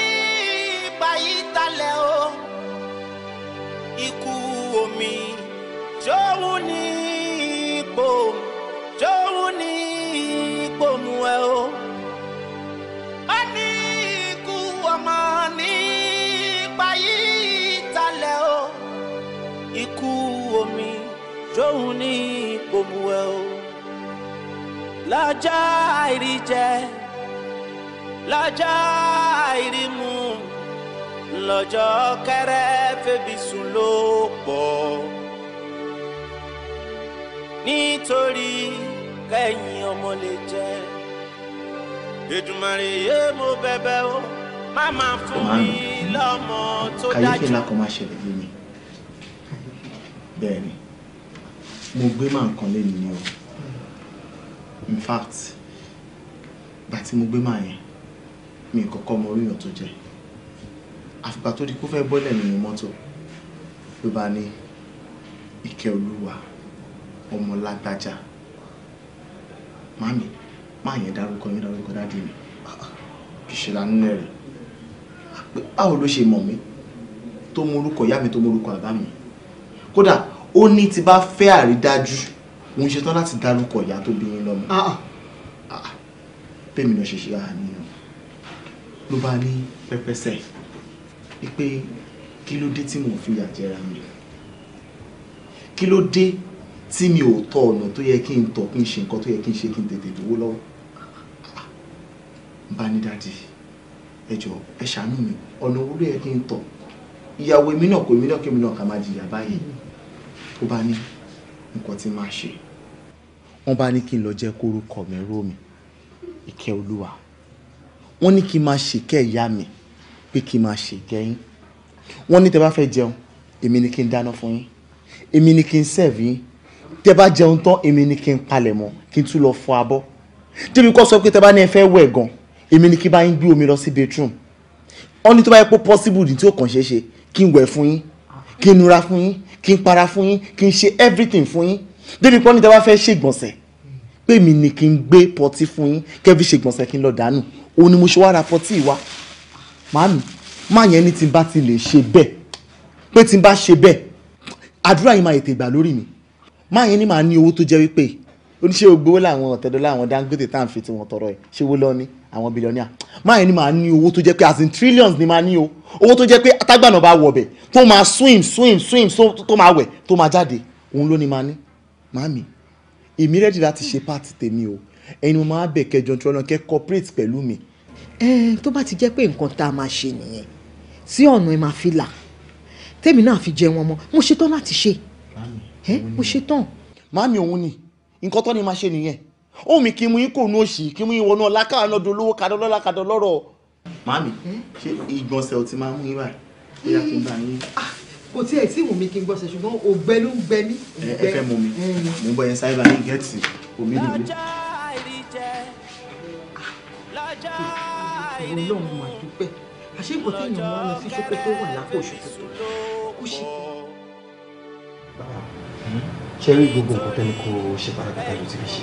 ìbáyí talẹ̀ o ikú omi jòun ní ipò jòun ní ipò mu ẹ o. ó ní ṣóhun ní ìpòmùwẹ̀ o lọ́jọ́ àìríjẹ lọ́jọ́ àìrímu lọ́jọ́ kẹrẹ fèbí sùn ló pọ̀ nítorí kẹ́yìn ọmọ lè jẹ Èdùmàrè yé mo bẹ̀bẹ̀ o má máa fún mi lọ́mọ tó dájú. kàyéfì ńlá kan máa ṣẹlẹ̀ lónìí bẹ́ẹ̀ ni mo gbé màá nǹkan lé nìyẹn o in fact gbà tí mo gbé màá yẹn mi kọ́kọ́ mọ orí èèyàn tó jẹ́ àfìgbà tó di kó fẹ́ bọ́lẹ̀ nínú mọ́tò ló bá ní ìkẹ́ olúwa ọmọ lágbájá mami máa yẹn dárúkọ yín dárúkọ dádì mi kìṣẹ́lá nílẹ̀ rẹ̀ báwo ló ṣe mọ̀ mí tó mú orúkọ ìyá mi tó mú orúkọ àbá mi kódà ó ní tí bá fẹ́ àrídájú òun ṣetán láti dárúkọ ìyá tó bí yín lọ́mọ bẹ́ẹ̀ mi lọ ṣe ṣe àníyàn ló bá ní pẹpẹsẹ wípé kí ló dé tí mò ń fìyà jẹra mi kí ló dé tí mi ò tọ ọ̀nà tó yẹ kí n tọ̀ kí n ṣe nǹkan tó yẹ kí n ṣe kí n tètè lówó lọ́wọ́ bá ní dáàdì ẹ ẹ ṣàánú mi ọ̀nà owó ló yẹ kí n tọ̀ ìyàwó èmi náà kò èmi náà kí èmi náà ká má jìyà báyìí ó bá ní nǹkan tí máa ṣe wọ́n bá ní kí n lọ jẹ́ kórúkọ mi ró mi ìkẹ́ olúwa wọ́n ní kí n máa ṣèkẹ́ ìyá mi pé kí n máa ṣèkẹ́ yín wọ́n ní tẹ́ bá fẹ́ jẹun èmi ni kí n dáná fún yín èmi ni kí n sẹ́ẹ̀fì yín tẹ́ bá jẹun tán èmi ni kí n palẹ̀ mọ́ kí n tún lọ fọ abọ́ débi kọ́ sọ pé tẹ́ bá ní ẹ fẹ́ wẹ̀ gan èmi ni kí bá yín gbé omi lọ sí bedroom wọ́n ní tó bá yẹ pé possible ní tí ó kàn ṣeé ṣe kí n wẹ̀ fún yín kí n nura fún yín kí n para fún yín kí n ṣe everything fún yín débi pọ́n ní tẹ́ bá fẹ́ ṣègbọ̀nsẹ̀ pé mi ni kí n gbé pọtí fún yín kẹ́bí ṣègbọ̀nsẹ̀ kí n lọ dànù òun ni mo ṣe wá ra pọtí wa màámi má yẹn ní tí n bá ti lè ṣe bẹ́ẹ̀ pé tí n bá ṣe bẹ́ẹ̀ àdúrà yìí máa ètè ìgbà lórí mi má yẹn ní màá ní owó tó jẹ́ wípé oníṣẹ́ ògbówó làwọn ọ̀tẹ̀dọ́lá àwọn Dangote tá à ń fi tiwọn tọrọ ẹ̀ ṣé wó lọ́ọ́ ní àwọn bílíọ̀nìà má yẹn ní màá ní owó tó jẹ́ pé as in trillions ni màá ní o owó tó jẹ́ pé atágbànà bá wọ̀bẹ̀ tó máa swim swim swim tó máa wẹ̀ tó máa jáde òun ló ní máa ní màmí èmi rẹ́dí láti ṣe páàtì tèmi o ẹni mo máa bẹ̀ kẹjọ tí ọlọ́run kẹ́ cooperate pẹ̀lú mi. ẹ tó bá ti jẹ́ pé nǹkan tá a máa ṣe nìyẹn tí ọ̀nà ẹ̀ máa fi là tèmi náà fi jẹ wọn mọ́ mo ṣetán láti ṣe ẹ mo ṣetán. màmí òun ni nǹkan tó ni máa ṣe nìyẹn ó mi kí mú yín kò ní òṣì kí mú yín wọnú ọlá káàánú ọdún olówó kadọlọ́lá kadọlọ́rọ̀ màámi eh? ṣé ìgbọ̀nsẹ̀ ò ti máa mú yín báyìí bóyá kí n bá yín. Ah, kò tiẹ̀ tí wù mí kí n gbọ́sẹ̀ ṣùgbọ́n ògbẹ ló ń gbẹ mí. ẹ fẹ́ mu mi mo ń bọ yẹn sáyébà yín gẹ́ẹ̀tì omi nìyí. Ah, ọlọ́run mà dúpẹ́ àṣẹ́gbọ̀n tí èèyàn máa ń lọ sí ṣòkòtò wà lápò ṣòkòtò kó ṣe. ṣé rí gbogbo nǹkan tẹ́ni kò ṣe pátápátá ló ti fi ṣe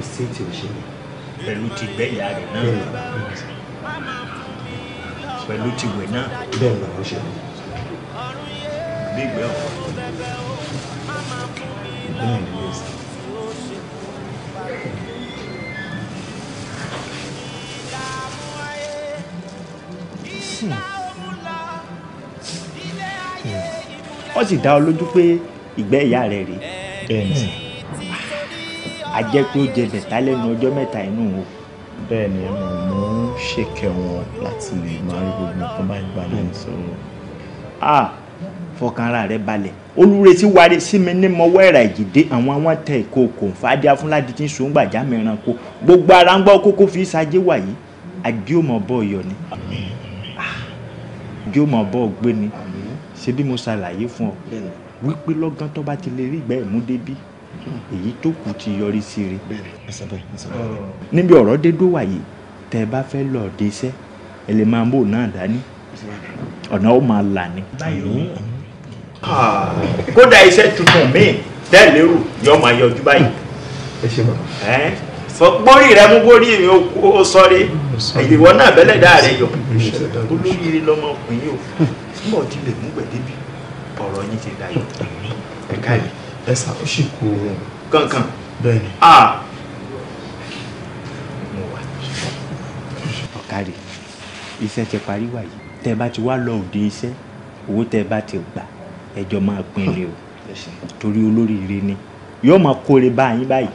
èsì tí ò ṣe ni. pẹ̀lú ti gbẹ́yà rẹ̀ náà pẹ̀lú tìwẹ̀ náà. bẹ́ẹ̀ ni wọ́n ṣe. bí ìgbẹ́ ọ̀pọ̀. bẹ́ẹ̀ ni wọ́n ṣe. Hmm. wọ́n sì dá ọ lójú pé ìgbẹ́ ìyá rẹ̀ rèé. bẹ́ẹ̀ ah. a jẹ́ pé ó jẹ bẹ̀tálẹ́nu ọjọ́ mẹ́ta inú o. bẹ́ẹ̀ ni mo mú un ṣe kẹwọn láti lè máa rí gbogbo nǹkan báyìí gbà náà so. ah fọkànra rẹ balẹ̀ olùrètí wáre sí mi ní mọ wẹ́ẹ̀rà ìjìdé àwọn àwọn tẹ ìkookò fàdí afúnládì tí ń so ń gbàjá mìíràn kó gbogbo ara ń gbọ́ kókó fi ṣáájú wàyí àdéhùnmọ̀ bọ̀ ọ̀yọ́ ni àdéhùnmọ̀ bọ̀ ọ̀gbé ni ṣé bí mo ṣàlàyé fún ọ wípé lọ́gán tó bá ti lè rí ìgbà ẹ̀mú débí hmm. èyí tó kù ti yọrí sí rẹ̀ níbi ọ̀rọ̀ dédó wàyí tẹ́ ẹ bá fẹ́ lọ ọ̀dẹ iṣẹ́ ẹ lè máa bò náà dání ọ̀nà ó máa là ní. kódà iṣẹ́ tuntun míì tẹ́ lérò yóò máa yọjú báyìí. sọ gbórí rẹ mú gbórí mi ó sọrí ìwọ náà bẹ́lẹ̀ dá rẹ yọ olóyè lọmọkùnrin yìí ó túbọ̀ ti lè mú gbẹ̀dẹ́bí ọ̀rọ̀ yín ti dayọ̀ ẹ̀ka ẹ̀ ẹ̀sà ó sì kú kankan bẹ́ẹ̀ ni. Ah. káre iṣẹ́ ti parí wáyé tẹ́ ẹ bá ti wá lọ òde iṣẹ́ owó tẹ́ bá ti gbà ẹjọ́ máa pín ni o torí olóríire ni yóò máa kóre bá yín báyìí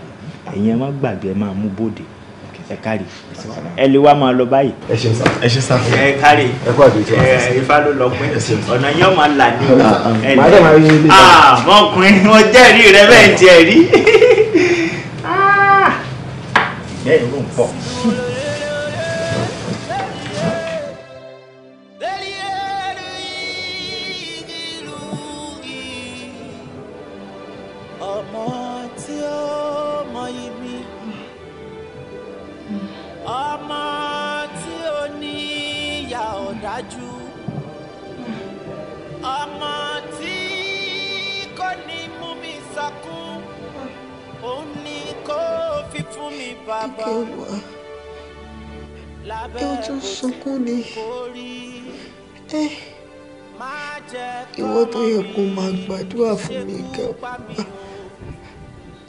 ẹ̀yin ẹ má gbàgbé ẹ máa mú bòde ẹ káre ẹ lè wá máa lọ báyìí. ẹ ṣe sá ẹ ṣe sá fún mi. ẹ káre kó àdójú ẹ ifá ló lọ pín ọ̀nà yóò máa là ní o. Ah, ah. màá dẹ̀ máa rí ilé náà. Ah, àmọ́kùnrin mo jẹ́rìí rẹ bẹ́ẹ̀ tiẹ̀ rí. *laughs*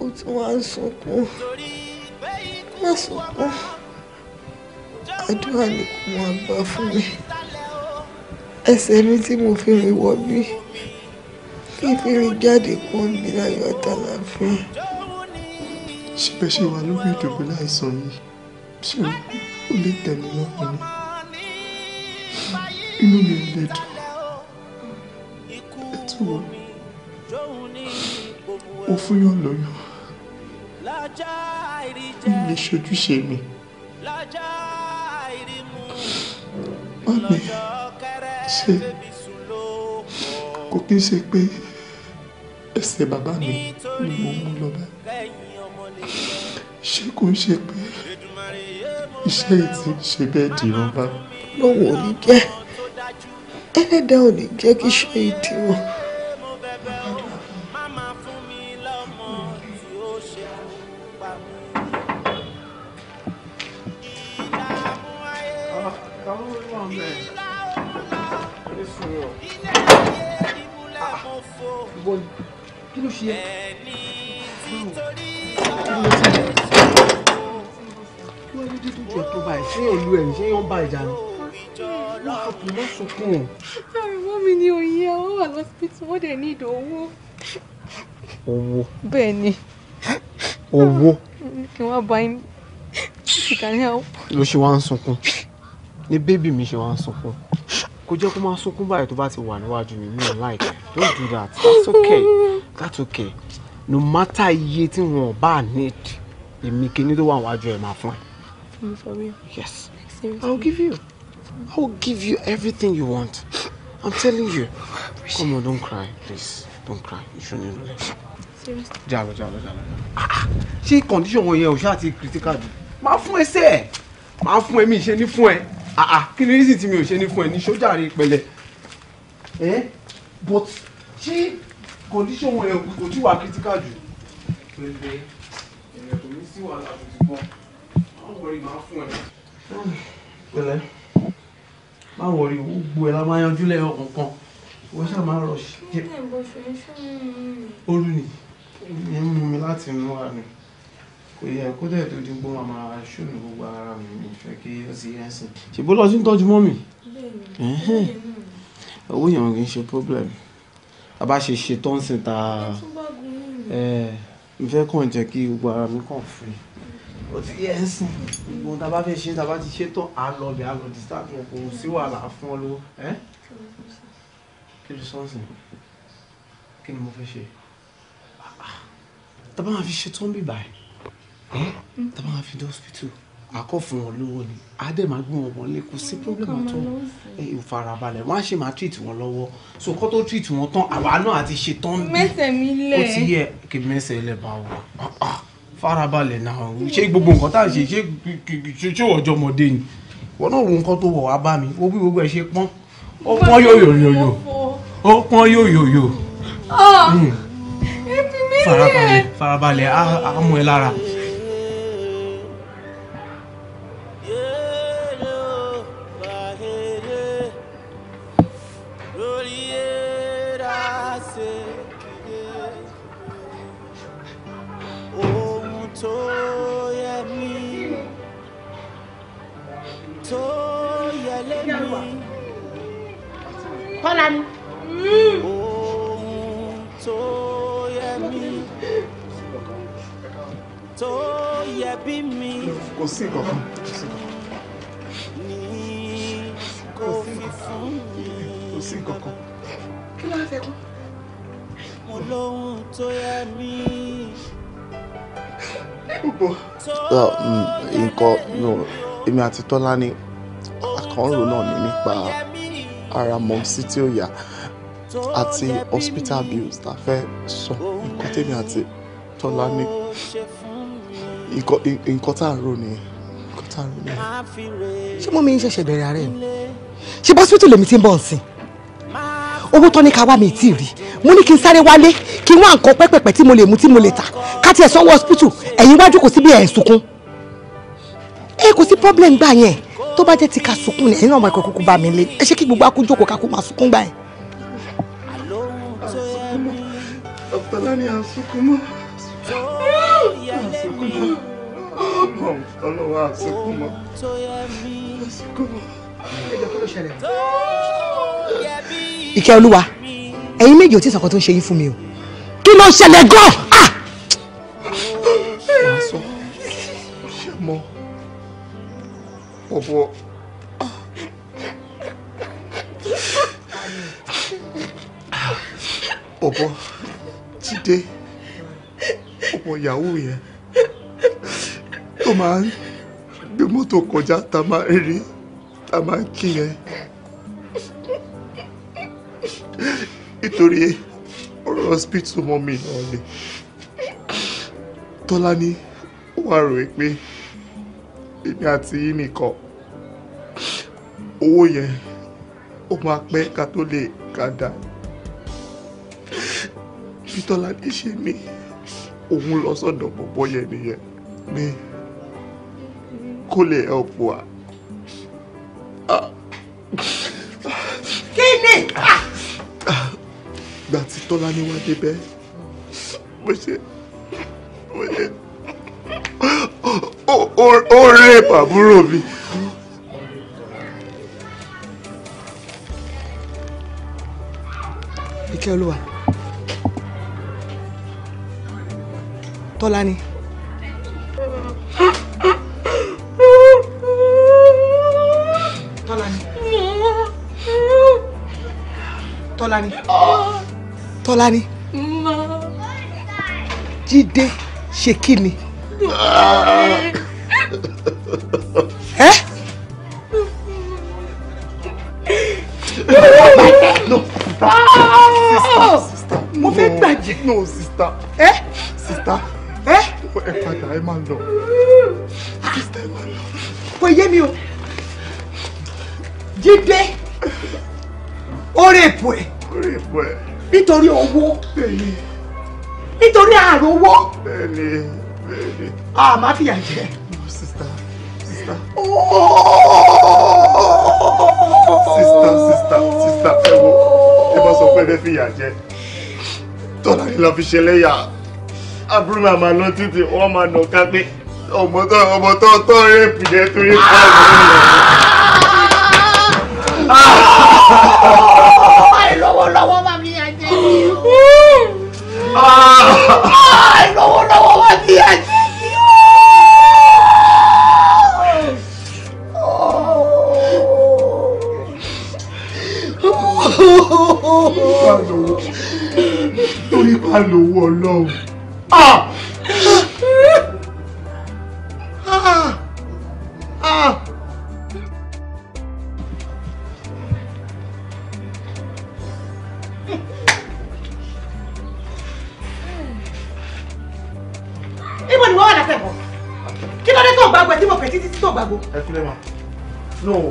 ó ti wá ń sunkún má sunkún àdúrà ni kò máa gbà fún mi ẹsẹ̀ mi tí mo fi rìn wọ bí kí fi rìn jáde kún mi láyọ̀ àtàlàfíà. síbẹ̀ ṣe wà lórí ìdòwú láìsàn yìí ṣé o lè tẹ̀lé lọ́kùnrin inú mi ò lè dùn ẹ̀ tún wọ̀ mo fún yàn lóyún mi ṣojúṣe mi mami ṣe kò kí n ṣe pé ẹsẹ̀ bàbá mi ni mo mú lọ bá ṣé kò ń ṣe pé iṣẹ́ yìí ti ṣe bẹ́ẹ̀ dìran bá. lọ́wọ́ ò ní jẹ́ ẹlẹ́dàá ò ní jẹ́ kí iṣẹ́ yìí dìran. bọ̀ yìí kí ló ṣe ṣé ìlú ẹ̀ ṣé yóò bá ìjà ni. wọ́n kò má sunkún. àrùn mi ni òye àwọn wà lọ́sibítù wọ́n dẹ̀ ní ìdánwò. owó. bẹ́ẹ̀ ni. owó. kí wọ́n bá yín. ló ṣe wá ń sunkún ní bébì mi ṣe wá ń sunkún kò jẹ́ kó máa sunkún báyìí tó bá ti wà níwájú mi mi ò láìpẹ́ don't do that that's okay that's okay no matter iye tí wọn bá need èmi kíní tó wà níwájú ẹ̀ máa fún ẹ. Mm, for real. yes Seriously? I'll give you I'll give you everything you want I'm telling you come on don't cry please don't cry you shouldn't do that. jalo jalo jalo. ṣé condition wọn yẹn ò ṣáà ti critical jù máa fún ẹ sẹ́ẹ̀ máa fún ẹ mi ṣe ní fún ẹ. Ah ah, kí ni reason tí mi ò ṣe ní fún ẹ ní sójà rí pẹ̀lẹ́ ẹ but ṣé condition wọn yẹn kò tí wà critical jù. pẹ̀lẹ́ ẹ̀rẹ̀ kò ní sí wàhálà tó ti bọ́ má wọrí máa fún ẹ. pẹ̀lẹ́ má wọrí gbogbo ẹ la máa yanjú lẹ́yìn ọ̀kọ̀ọ̀kan wọ́n ṣáà máa rọ̀ ṣe. oru ni èmi mi láti inú wa ni kò yẹ kó dẹ̀ tó di gbọ́n àmà ṣóònù gbogbo ara mi mi fẹ́ kí ó sì yẹn sìn. ṣèbó lọ sí ń tọ́jú mọ́ mi. owó yẹn kì í ṣe problem a bá ṣe ṣe tó ń sìn ta n fẹ́ kàn jẹ́ kí gbogbo ara mi kàn fún o ti yẹ ń sìn gbogbo tá a bá fẹ́ ṣe tá a bá ti ṣe tán a lọ bẹ̀ a lọ disturb wọn kò sí wàhálà fún ọ lọ kí ló sọ ń sìn kí ni mo fẹ́ ṣe tá ah, a ah. bá máa fi ṣe tó ń bì báyìí tá a máa fi dé hospital àkọ́ fún wọn lówó ni adé máa gbé wọn wọlé kò sí problem at all ìfarabalẹ̀ wọ́n á ṣe máa treat wọn lọ́wọ́ so kó tó treat wọn tán àwa náà àti ṣe tán bí mẹ́sẹ̀ mi lẹ̀ ó ti yẹ kí mẹ́sẹ̀ lẹ̀ bá wà ah, ah, farabalẹ̀ náà ṣé gbogbo nǹkan tá a ṣe ṣe ṣé ọjọ́ ọmọdé ni wọn náà wo nǹkan tó wọ̀ wá bá mi ó bí gbogbo ẹ̀ ṣe pọ́n ó pọ́n yòyòyòyò ó pọ́n yòyòyò ah, hmm. farabalẹ̀ farabalẹ̀ á mú ẹ lára. lára mm. ni. kò sí kankan. ní kò fi fún mi. kò sí kankan. kí ló ń fẹ́ kú. mo lóhun tó yẹ mí mm, nǹkan èmi àti Tọ́lá ní àkànrò náà ní nípa ara mọ̀ sí tí ó yá àti hospital bills tá a fẹ́ sọ nǹkan tèmi àti tọ́lá ní nǹkan tá à ń rò nìyẹn nǹkan tá à ń rò nìyẹn. ṣé mọ́mí ń ṣẹ̀ṣẹ̀ bẹ̀rẹ̀ ààrẹ ni ṣé bọ́sítì lèmi ti ń bọ̀ nsìn owó tán ní ká wá mi tí ì rí mo ní kí n sáré wálé kí n wá nǹkan pẹ́pẹ̀pẹ́ tí mo lè mú tí mo lè tà ká tiẹ̀ sanwó hospital ẹ̀yin wájú kò sí bí ẹ̀ ń sunkún ẹ kò sí problem gbà yẹn tó bá jẹ́ ti ká sunkún ni ẹ̀yin náà máa kọ́ kúkú bá mi lé ẹ ṣe kí gbogbo akú jókòó kakú máa sunkún gbà yẹn. ọ̀pẹ̀lá ni à ń sunkún mọ́ à ń sunkún mọ́ ọlọ́wọ́ à ń sunkún mọ́ à ń sunkún mọ́ ẹjọ́ kí ló ṣẹlẹ̀. ìkẹ́ olúwa ẹ̀yin méjì ò tí sọ̀kan tó ń ṣe yín fún mi o kí ló ṣẹlẹ̀ gan-an. Ah! Popo. Popo. Jídé. Ọmọ ìyàwó yẹn. Tó máa ń gbé mọ́tò kọjá tá a máa ń rí tá a máa ń kí yẹn èmi àti yín nìkan owó yẹn ó máa pẹ́ ká tó lè ká dá fitọ́lá ní ṣe mí òun lọ sọ́dọ̀ bọ̀bọ̀ yẹn nìyẹn ní kó lè help wa. kí ni. gbàtí tọ́lá ní wá débẹ̀ mo ṣe. ó rèpù àbúrò mi. ìkẹ́ olúwa tọ́lá ni. tọ́lá ni. tọ́lá ni. tọ́lá ni. jíde ṣe kí ni. Ah ẹ. no no sista ah! mo fẹ́ gbàjẹ́. no sista ẹ sista ẹ ẹ padà ẹ máa lọ sista ẹ máa lọ. kò yé mi o jíde ó rèpò ẹ nítorí owó nítorí àròwọ àmàfíà ah, jẹ sister. sister sister sister ẹ wo ẹ bá sọ pé ẹ fi ìyà jẹ tọ́lá ni la fi ṣe lẹ́yà àbúrò mi àmà lọ títí wọ́n máa nà ká pé ọmọ tó ọmọ tó tó rẹ́pì yẹn tó yẹ kọ́ ọmọ yẹn. lọ́wọ́lọ́wọ́ máa fi yà jẹ́ mi. Ah! lọ́wọ́lọ́wọ́ máa fi yà torí bá ọlọ́run. Ah!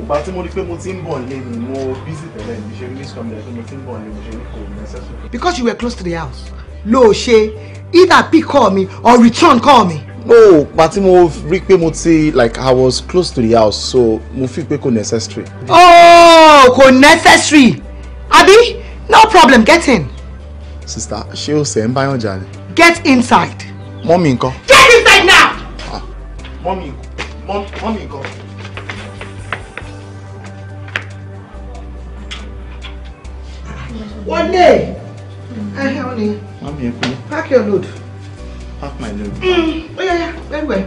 ìgbà tí mo rí pé mo ti ń bọ̀ lé mi mo busy tẹ́lẹ̀ mi ṣe rí miss comedy pé mo ti ń bọ̀ lé mi ṣe rí kò necessary. because you were close to the house ló o ṣe either pick call me or return call me. no ìgbà tí mo rí pé mo ti like i was close to the house so mo fi pé kò necessary. oh kò necessary abi no problem get in. sista ṣé o ṣe ń báyọ̀ jà ni. get inside. mọ́mí nǹkan. get inside now. mọ́mí nǹkan. mọ́mí nǹkan. One day, ẹ wọ́n Mommy, Má mi Pack your load. Pack my load. Mm. Oh yeah, yeah. bẹ́ẹ̀ bẹ́ẹ̀.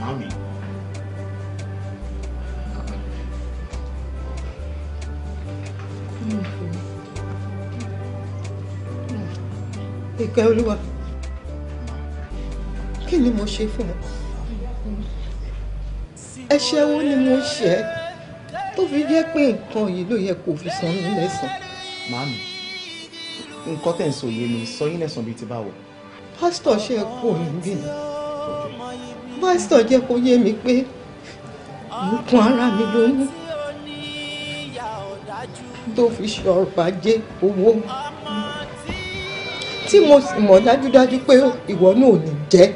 Mommy. Ìkẹ́ Olúwa, kí ni mo ṣe fún ọ? Ẹ̀ṣẹ̀ wo ni mo ṣe ẹ́? tó fi jẹ́ pé nǹkan yìí ló yẹ kó fi san mí lẹ́sàn. màámi nǹkan tẹ̀ ń sọ yé mi sọ yín lẹ́sàn bíi ti báwo. pásítọ̀ ṣe kò ní bí pásítọ̀ jẹ́ kó yé mi pé nǹkan ara mi ló mú tó fi ṣe ọrọ̀ ajé owó tí mo sì mọ̀ dájúdájú pé ìwọ náà ò ní jẹ́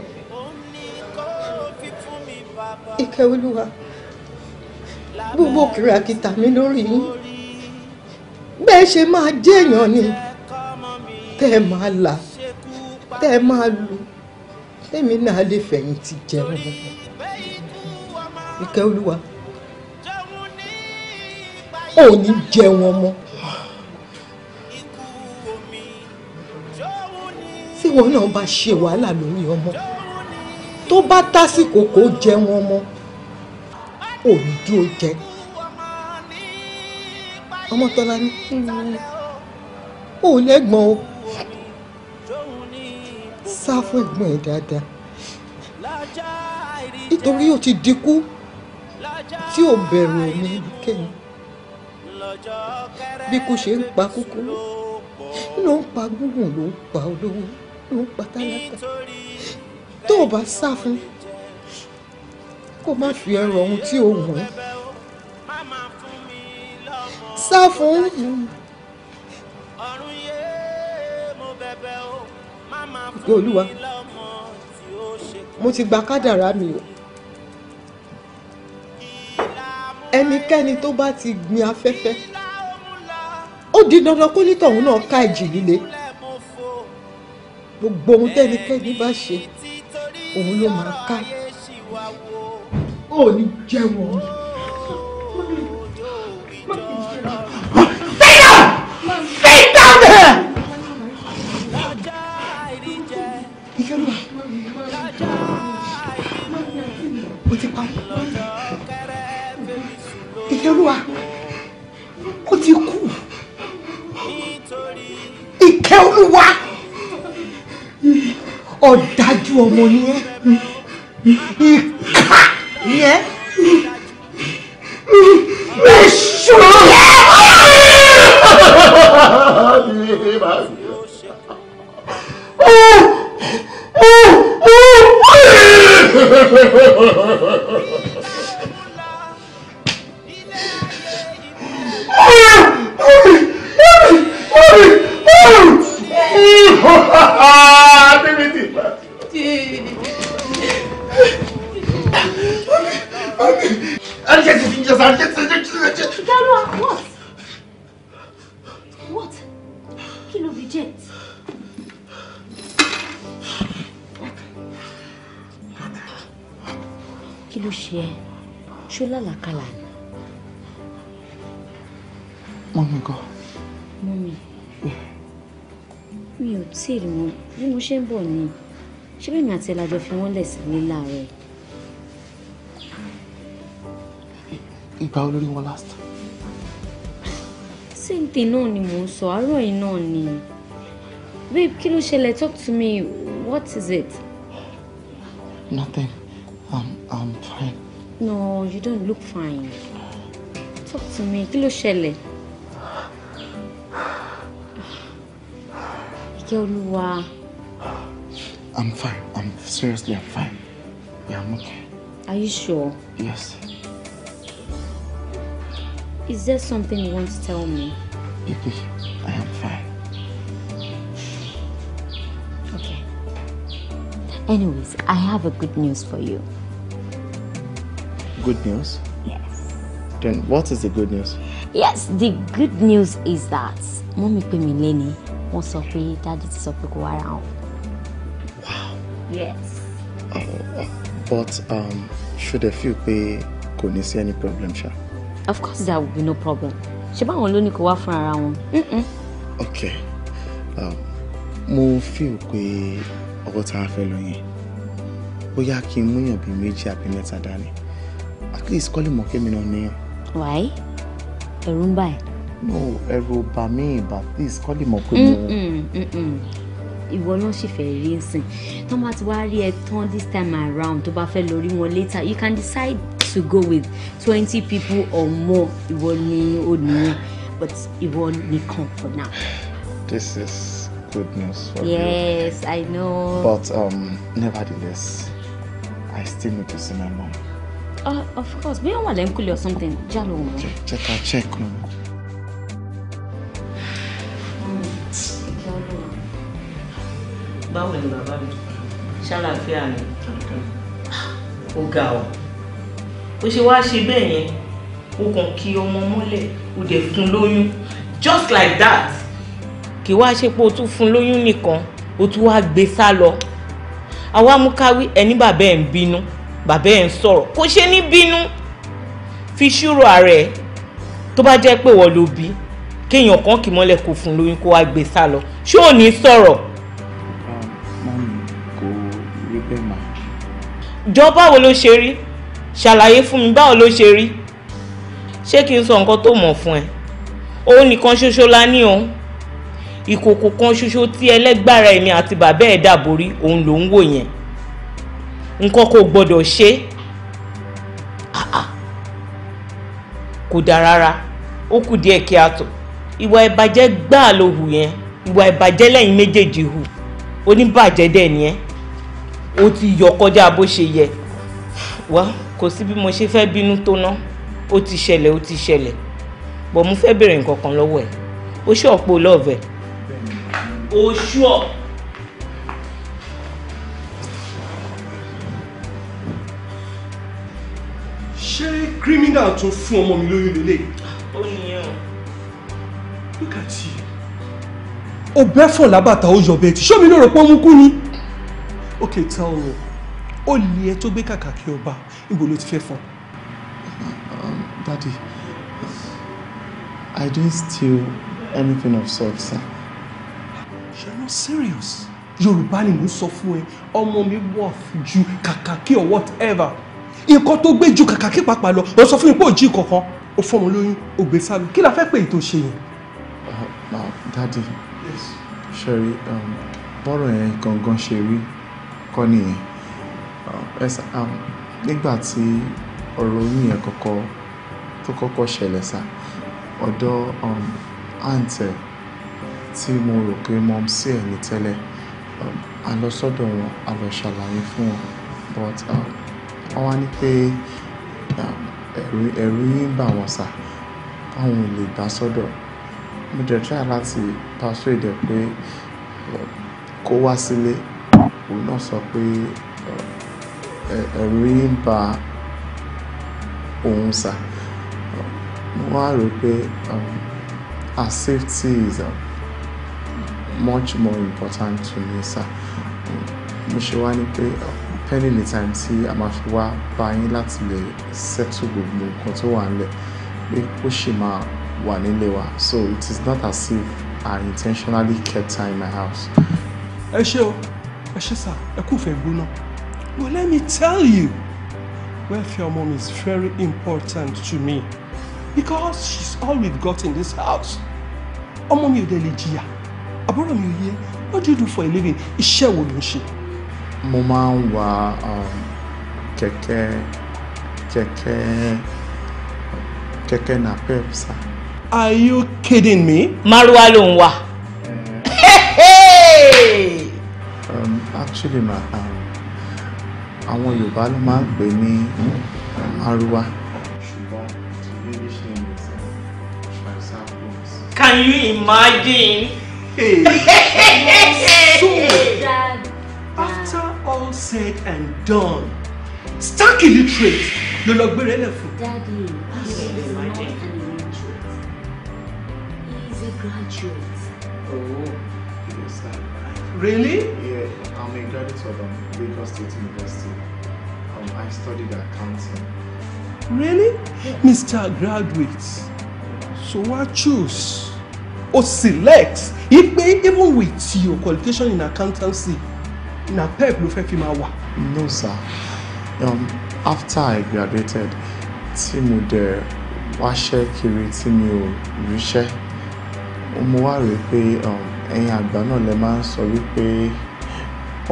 ìkẹ́ olúwa gbogbo kìràkìtà mi lórí yín bẹ́ẹ̀ ṣe máa jẹ́ èèyàn ni tẹ́ ẹ máa là tẹ́ ẹ máa lu èmi náà lè fẹ̀yìntì jẹun ìkẹ́ olúwa ò ní jẹun ọmọ tí wọn náà bá ṣe wàhálà lórí ọmọ tó bá tásìkò kó jẹun ọmọ ò ní dúró jẹun ọmọ tọ́lá ní ò lẹ́gbọ̀n o sá fún ẹ̀gbọ́n ẹ̀ dáadáa nítorí ó ti dínkù tí ò bẹ̀rù ẹ̀mí ẹnikẹ́ni bí kò ṣe ń pa kúkúrú ló ń pa gúngùn ló ń pa olówó ló ń pa tálákà tó o bá sá fún kó má fi ẹrù ohun tí o wọ̀n sá fún yìí. ìgbẹ́ olúwa mo ti gba kádàrá mi o ẹnikẹ́ni tó bá ti gbin afẹ́fẹ́ ó di dandan kó nítọ̀hún náà ká ìjì líle gbogbo ohun tẹ́nikẹ́ni bá ṣe òun ló máa ká ó ní jẹ́wọ́. ìkẹ́lùwà ó ti parí ìkẹ́lùwà ó ti kú ìkẹ́lùwà ọ̀dájú ọmọ ni ẹ́ ìkà Ah! ṣé bẹ́ẹ̀ mi àti ẹ̀ lájọ fi wọ́n lẹ̀ sí ní láàárọ̀ yìí. ìgbà olórí wọn last. síǹtì náà ni mò ń sọ àárọ̀ yìí náà ni babe kí ló ṣẹlẹ̀ talk to me what is it. nothing i'm i'm fine. no you don't look fine talk to me kí ló ṣẹlẹ̀. ìkẹ́ olúwa. I'm fine. I'm seriously, I'm fine. Yeah, I'm okay. Are you sure? Yes. Is there something you want to tell me? Ibi, I am fine. Okay. Anyways, I have a good news for you. Good news? Yes. Then what is the good news? Yes, the good news is that Mommy Pemileni wants to pay Daddy to support yes. Uh, but um, should I feel pay, kò ní sí any problem ṣá. of course there will be no problem Sheba, báwọn ló ní kó wá fún ara okay um, mo feel pé ọkọ tá a fẹ́ lọ yẹn bóyá kí n múyàn bíi méjì àbí mẹ́ta dání at least call him kémi náà níyàn. wàá ẹ̀rù ń bà ẹ́. no ẹ̀rù bà mí but at least kọ́lé mọ̀ pé mo ìwọ náà sì fẹ́ rí nsìn tó bá ti wá rí ẹ tán this time around tó bá fẹ́ lọ rí wọn later you can decide to go with twenty people or more ìwọ ni ó nìyẹn but ìwọ nìkan for now. this is good news for yes, you. i know. but um, nevertheless i still need to see my mom. Uh, of course bí wọn wà lẹ́ńkùlẹ̀ or something jalo. check check check. No? báwo ni bàbá mi ṣàlàáfíà ni ó ga ọ ó ṣe wáá ṣe bẹ́ẹ̀ yẹn ó kàn kí ọmọ mọ́lẹ̀ ó dẹ̀ fún lóyún just like that kì wá ṣe pé o tún fún lóyún nìkan o tún wá gbé sá lọ àwa mú káwí ẹni bàbá ẹ̀ ń bínú bàbá ẹ̀ ń sọ̀rọ̀ kò ṣe ní bínú fi ṣúrò ààrẹ tó bá jẹ́ pé wọ́n ló bí kéèyàn kan kì mọ́lẹ̀ kó fún lóyún kó wá gbé sá lọ ṣé ò ní jọ báwo ló ṣe rí ṣàlàyé fún mi báwo ló ṣe rí ṣé kí n sọ nǹkan tó mọ̀ fún ẹ òun nìkan ṣoṣo la ní o ìkòkò kan ṣoṣo tí ẹlẹ́gbára èmi àti bàbá ẹ̀ dàborí òun ló ń wò yẹn nǹkan kò gbọ́dọ̀ ṣe kò dáa rárá ó kù díẹ̀ kí a tò ìwà ìbàjẹ́ gbáà ló hù yẹn ìwà ìbàjẹ́ lẹ́yìn méjèèjì hù oníbàjẹ́ dẹ̀ ni ó ti yọ kọjá bó ṣe yẹ wá kò sí bí mo ṣe fẹ́ bínú tó ná ó ti ṣẹlẹ̀ ó ti ṣẹlẹ̀ bọ̀ mo fẹ́ bèrè nǹkan kan lọ́wọ́ ẹ̀ ó ṣe ọ̀pọ̀ lọ́ọ̀vẹ̀ ó ṣú ọ̀. ṣé kírímínà tún fún ọmọ mi lóyún lélẹ̀. ó nìyẹn o. look at you. ọbẹ̀ fọ̀ lábàtà ó yọ̀bẹ̀ tí ṣé mi ló rò pé kú ni okay tell me ó lè ẹ tó gbé kàkàkí ọba ibo ló ti fẹ́ fún. Um, daddy i didn't steal anything of sort sir. you're not serious yorùbá ni mo sọ fún ẹ ọmọ mi wọ̀ ju kàkàkí or whatever nǹkan tó gbé ju kàkàkí pàápàá lọ ó sọ fún mi pé ò jí kankan ó fọmọ lóyún ó gbé sálọ kí la fẹ́ pè é tó ṣe yẹn. Uh, daddy sherry um, bọ́rọ̀ yẹn gangan ṣe rí àkọ́kọ́ nìyẹn uh, um, nígbà tí ọ̀rọ̀ oyún yẹn kọ́kọ́ tó kọ́kọ́ ṣẹlẹ̀ sá ọ̀dọ̀ um, aunt ẹ̀ tí mo rò pé mọ̀mísí ẹ̀ ní tẹ́lẹ̀ um, a lọ sọ́dọ̀ wọn a lọ ṣàlàyé fún wọn but wọ́n wá ní pé ẹ̀rù yín bà wọ́n sá báwọn ò lè gbà sọ́dọ̀ mo dẹ̀ try láti persuade ẹ̀ pé kó wá sílé òun náà sọ pé ẹ̀rù ń ba òun sà mo wá rò pé her um, safety is uh, much more important to me sà mo ṣe wá ní pé pending the time tí a máa fi wá bá yín láti lè settle gbogbo nǹkan tó wà nílẹ̀ pé ó ṣì máa wà nílé wa so it is not as if I intentionally kept her in my house. ẹ ṣé o ẹ ṣe sá ẹ kò fẹ́ gbóná well let me tell you welfare mom is very important to me because she's all we've got in this house ọmọ mi ò dẹ̀ lè jìyà àbúrò mi ò yẹ what do you do for a living iṣẹ́ wo ló ń ṣe. mo máa ń wa um, kẹ̀kẹ́ kẹ̀kẹ́ kẹ̀kẹ́ napep sá. are you kidding me. maruwa ló ń wà. Chidinma um, àwọn Yorùbá ló máa ń pè ní hmm, arúwá. Um, Can you imagine? *laughs* so, after all said and done, stark illiterate ló lọ gbére lẹ̀ fún. Oh, really? Yeah a graduate of um, Lagos State University. Um, I studied accounting. Really? Mr. Graduate, so what choose? Or select? If even with your qualification in accountancy, na pep ló fẹ́ fi No sir, um, after I graduated, timu mo washe kiri timu, mi ò ríṣẹ́, mo wá rèé pé um, ẹ̀yin àgbà náà lè máa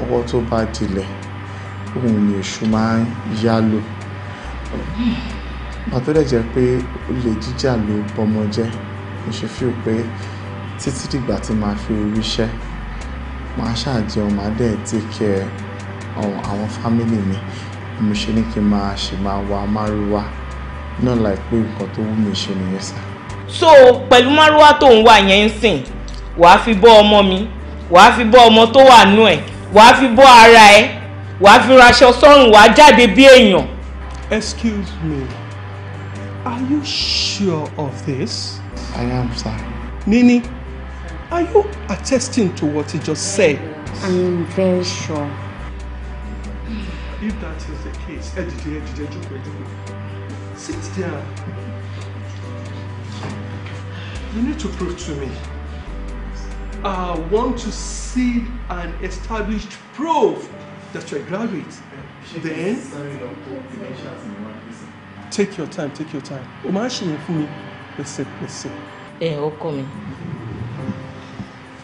ọwọ́ tó bá dilẹ̀ òun ni èṣù máa ń yá lò pàtó dẹ̀ jẹ́ pé olè jíjà ló bọmọ jẹ́ mo ṣe fíò pé títí dìgbà tí màá fi ríṣẹ́ màá ṣàjẹun màá dẹ̀ take care àwọn fámìlì mi mo ṣe ní kí n máa ṣì máa wa márúwá náà láìpẹ́ nǹkan tó wù mí ṣe nìyẹn sá. so pẹ̀lú márúwá tó ń wà yẹn ń sìn wàá fi bọ́ ọmọ mi wàá fi bọ́ ọmọ tó wà nú ẹ̀ wàá fi bọ́ ara ẹ wàá fi raṣọ sọ́run wàá jáde bí èèyàn. excuse me are you sure of this. i am sir. Nini are you attesting to what he just said. i am very sure. if that is the case ẹ dìde ẹ dìde sit down you need to prove to me uh, want to see an established proof that you're a graduate, then take your time, take your time. O máa ń ṣe yẹn fún mi pèsè pèsè. Ẹ ọkọ mi,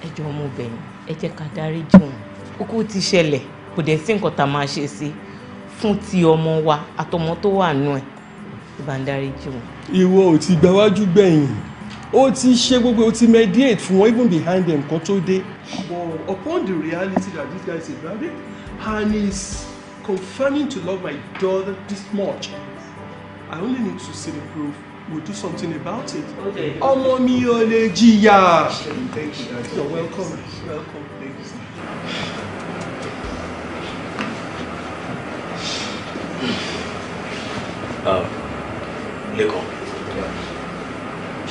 ẹ jọ ọmọbìnrin, ẹ jẹ́ ká dárí jì wọ́n. Kókó ti ṣẹlẹ̀, kò dẹ̀ sí nǹkan tá a máa ṣe sí fún ti ọmọ wa àtọmọ tó wà nù ẹ̀. Ìbá ń dárí jì Ìwọ ò ti gbáwájú gbẹ̀yìn ó ti ṣe gbogbo ó ti mediate fún wọn even behind them kan tó dé. but upon the reality that this guy is a bandit and he is confirming to love my daughter this much i only need to see the proof we we'll do something about it. ọmọ mi ò lè jìyà. thank you dad you're welcome welcome thank you sir. Uh, um, Lekan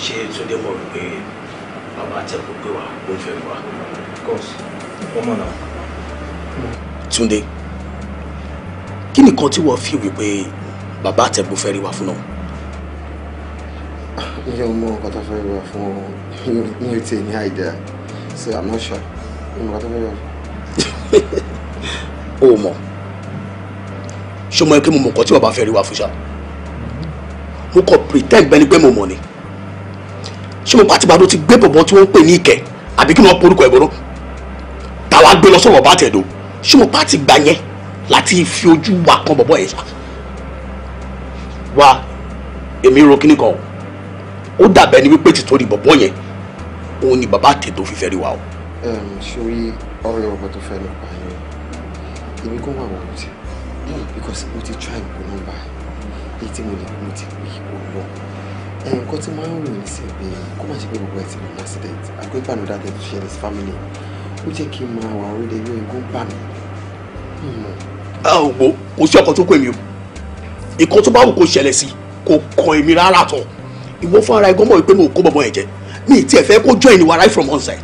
ṣé Túndé mọ̀ wípé bàbá àtẹ̀kù pé wà ó ń fẹ́ wà. of course wọ́n mọ̀ náà. Túndé kí nìkan tí wọ́n fi wípé bàbá àtẹ̀kù fẹ́ rí wa fún náà. mi ò mọ nǹkan tó fẹ́ rí wa fún mi ò tí ì ní idea so I'm not sure mi ò mọ nǹkan tó fẹ́ rí wa fún. *laughs* o mọ̀ ṣé o mọ̀ pé mo mọ̀ nǹkan tí bàbá fẹ́ rí wa fún ṣá mo kàn pretend bẹ́ni pé mo mọ̀ ni ṣé mo pàtìbà ló ti gbé bọ̀bọ̀ tí wọ́n ń pè ní ìkẹ́ àbí kí wọ́n porúkọ ẹ̀bọ̀rọ̀ tàwa gbé lọ sọ̀rọ̀ bá tẹ̀dọ̀ ṣé mo pàtìgbà yẹn láti fi ojú wa kan bọ̀bọ̀ yẹn wa èmi ro kíní kan ó dàbẹ̀ ni wípé tìtorí bọ̀bọ̀ yẹn òun ni bàbá tẹ̀dọ̀ fi rí wa o. sori ọ̀rọ̀ ọmọ tó fẹ́ lọ yẹn èmi kò wà wọ́n because mo ti try ìpò nọ́mbà mo lè mo ti pè é nǹkan tí máa ń rò ní sí pé kó má ṣe pé gbogbo ẹ̀ ti rìn accident àgbẹ̀bá ní dáadé tó ṣẹlẹ̀ sí family ó jẹ́ kí n máa wà orí ẹgbẹ́ ogún bá mi. ọ̀gbọ́n kò sí ọkọ̀ tó kọ èmi o nǹkan tó bá wù kó ṣẹlẹ̀ sí kò kọ èmi rárá tán ìwọ fún ara ẹgbọ́n mọ̀ wípé mo kó bọ̀bọ̀ ẹ̀jẹ̀ mi ì tiẹ̀ fẹ́ kó join ni wa right from onset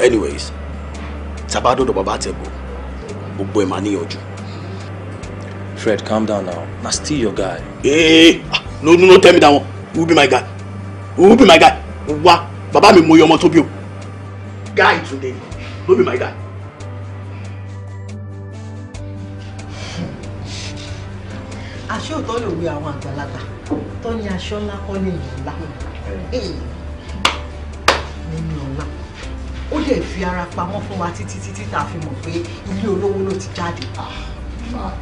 anyways tàbá dọ̀dọ̀ bàbá àtẹ̀gbọ́ gbogbo ẹ̀ máa níyànjú. Fred calm down now na still your guy. Hey. Eh, ah, no no no tell me that one Who be my guy Who be my guy wa Baba mi mo yọ ọmọ tó bí o guy today no be my guy. aṣọ òótọ́ lè wé àwọn àgbàlagbà tó ní aṣọ ńlá kọ́ ní ìlú ńlá nínú ọ̀la ó dẹ̀ fi ara pamọ́ fún wa títí títí tá a fi mọ̀ pé ilé olówó ló ti jáde. Ah,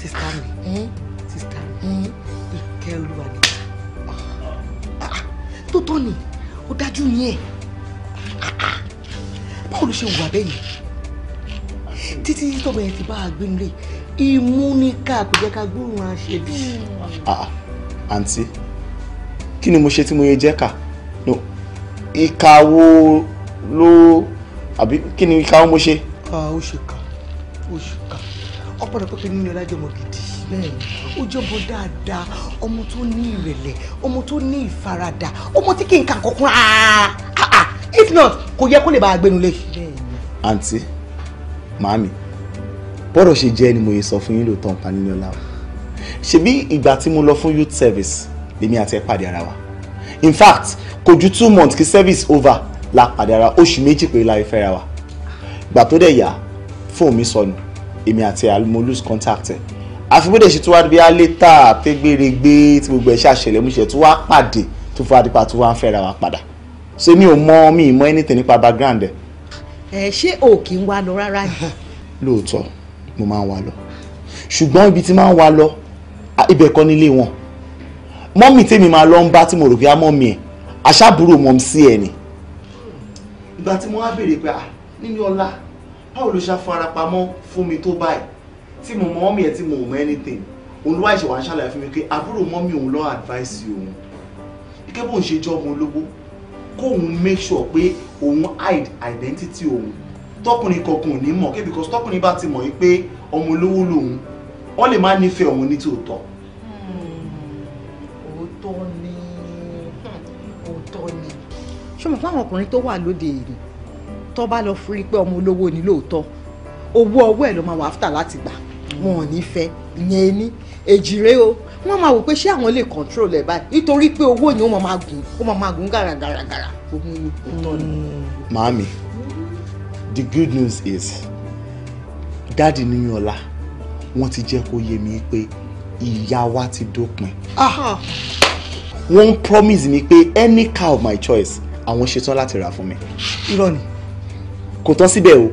sista mi. Hmm? sista ìkẹ́ mm. olúwa ni tó tọ́ ni ó dájú ní ẹ̀ báwo ló ṣe wà bẹ́ẹ̀ yẹn títí tọ́mọ yẹn ti bá a gbé nílé ìmúnika kò jẹ́ ká gbóòórùn aṣebi. Mm. Ah, ah, àǹtí kí ni mo ṣe tí mo yẹ jẹ́ kà no ìka wo ló àbí kí ni ìka wo mo ṣe. Ah, ó ṣe kà ó ṣe kà ọ̀pọ̀lọpọ̀ kí nínú ọlájọmọ gidi bẹ́ẹ̀ ó jọbọ dáadáa ọmọ tó ní ìrẹ̀lẹ̀ ọmọ tó ní ìfaradà ọmọ tí kì í ka kankan ah, ah, ah. if not kò yẹ kó lè bá a gbénu lé. àǹtí màámi bọ́dọ̀ ṣe jẹ́ ni mo yẹ sọ fún yín lóòótọ́ nǹkan nínú ọ̀la ṣebí ìgbà tí mo lọ fún youth service lèmi àti ẹ̀ pàdé ara wa in fact kò ju two months kí service over la pàdé ara oṣù méjì pé la fẹ́ ra wa gbà tó dẹ̀ yá fóònù mi sọnù èmi àti àlùmọ́ lose contact ẹ̀ àfi bó dẹ̀ ṣe tó wá bí alétà tẹ́gbèrègbè tí gbogbo ẹ̀ ṣàṣẹlẹ̀ mú ṣe tó wá pàdé tó fún adípa tó wá ń fẹ́ra wa padà ṣé mi ò mọ mi ì mọ anything nípa background ẹ. ẹ ṣé o kì í wá lọ rárá ni. *laughs* lóòótọ́ mo máa ń wá lọ ṣùgbọ́n ibi tí máa ń wá lọ ibẹ̀ kọ́ nílé wọn mọ́mì tèmi máa lọ ń bá tí mo rò pé á mọ́mì ẹ̀ àṣàbúrò mọ́mì sí ẹ̀ ni. ìgbà tí mo wá béèrè pé nínú ọlá báwo ló ṣe fara pamọ́ fún mi tó báyìí tí mo mọ mọ́mí ẹ̀ tí mo mọ anything olúwa ìṣèwà ń ṣàlàyé fún mi pé àbúrò mọ́mí òun ló advice òun ike bóun ṣe jọ ọmọ olówó kóun make sure pé òun hide identity òun tọkùnrin kankan ò ní mọ̀ kí because tọkùnrin bá ti mọ̀ yí pé ọmọ olówó lòun ó lè má nífẹ̀ẹ́ òun ní tòótọ́. Hmm, òótọ́ ni òótọ́ ni. ṣé mo fún àwọn ọkùnrin tó wà lóde yìí tó bá lọ fún rí pé ọmọ olówó ni lóòótọ́ owó ọwọ́ ẹ̀ ló máa wà áfítà láti gbà wọn ò ní fẹ́ ìyẹn ẹni èjì o wọ́n máa wò pé ṣé àwọn lè control ẹ̀ báyìí nítorí pé owó ni ó máa gùn ó máa gùn gàràgàràgàrà òun ni òótọ́ ni. Màámi, the good news is dáàdì níyànlá wọ́n ti jẹ́ kó yé mi pé ìyá wa ti dópin. Ah. wọ́n promise mi pé any cow of my choice àwọn ṣetán láti rà fún mi. irọ́ ni. kò tán síbẹ̀ o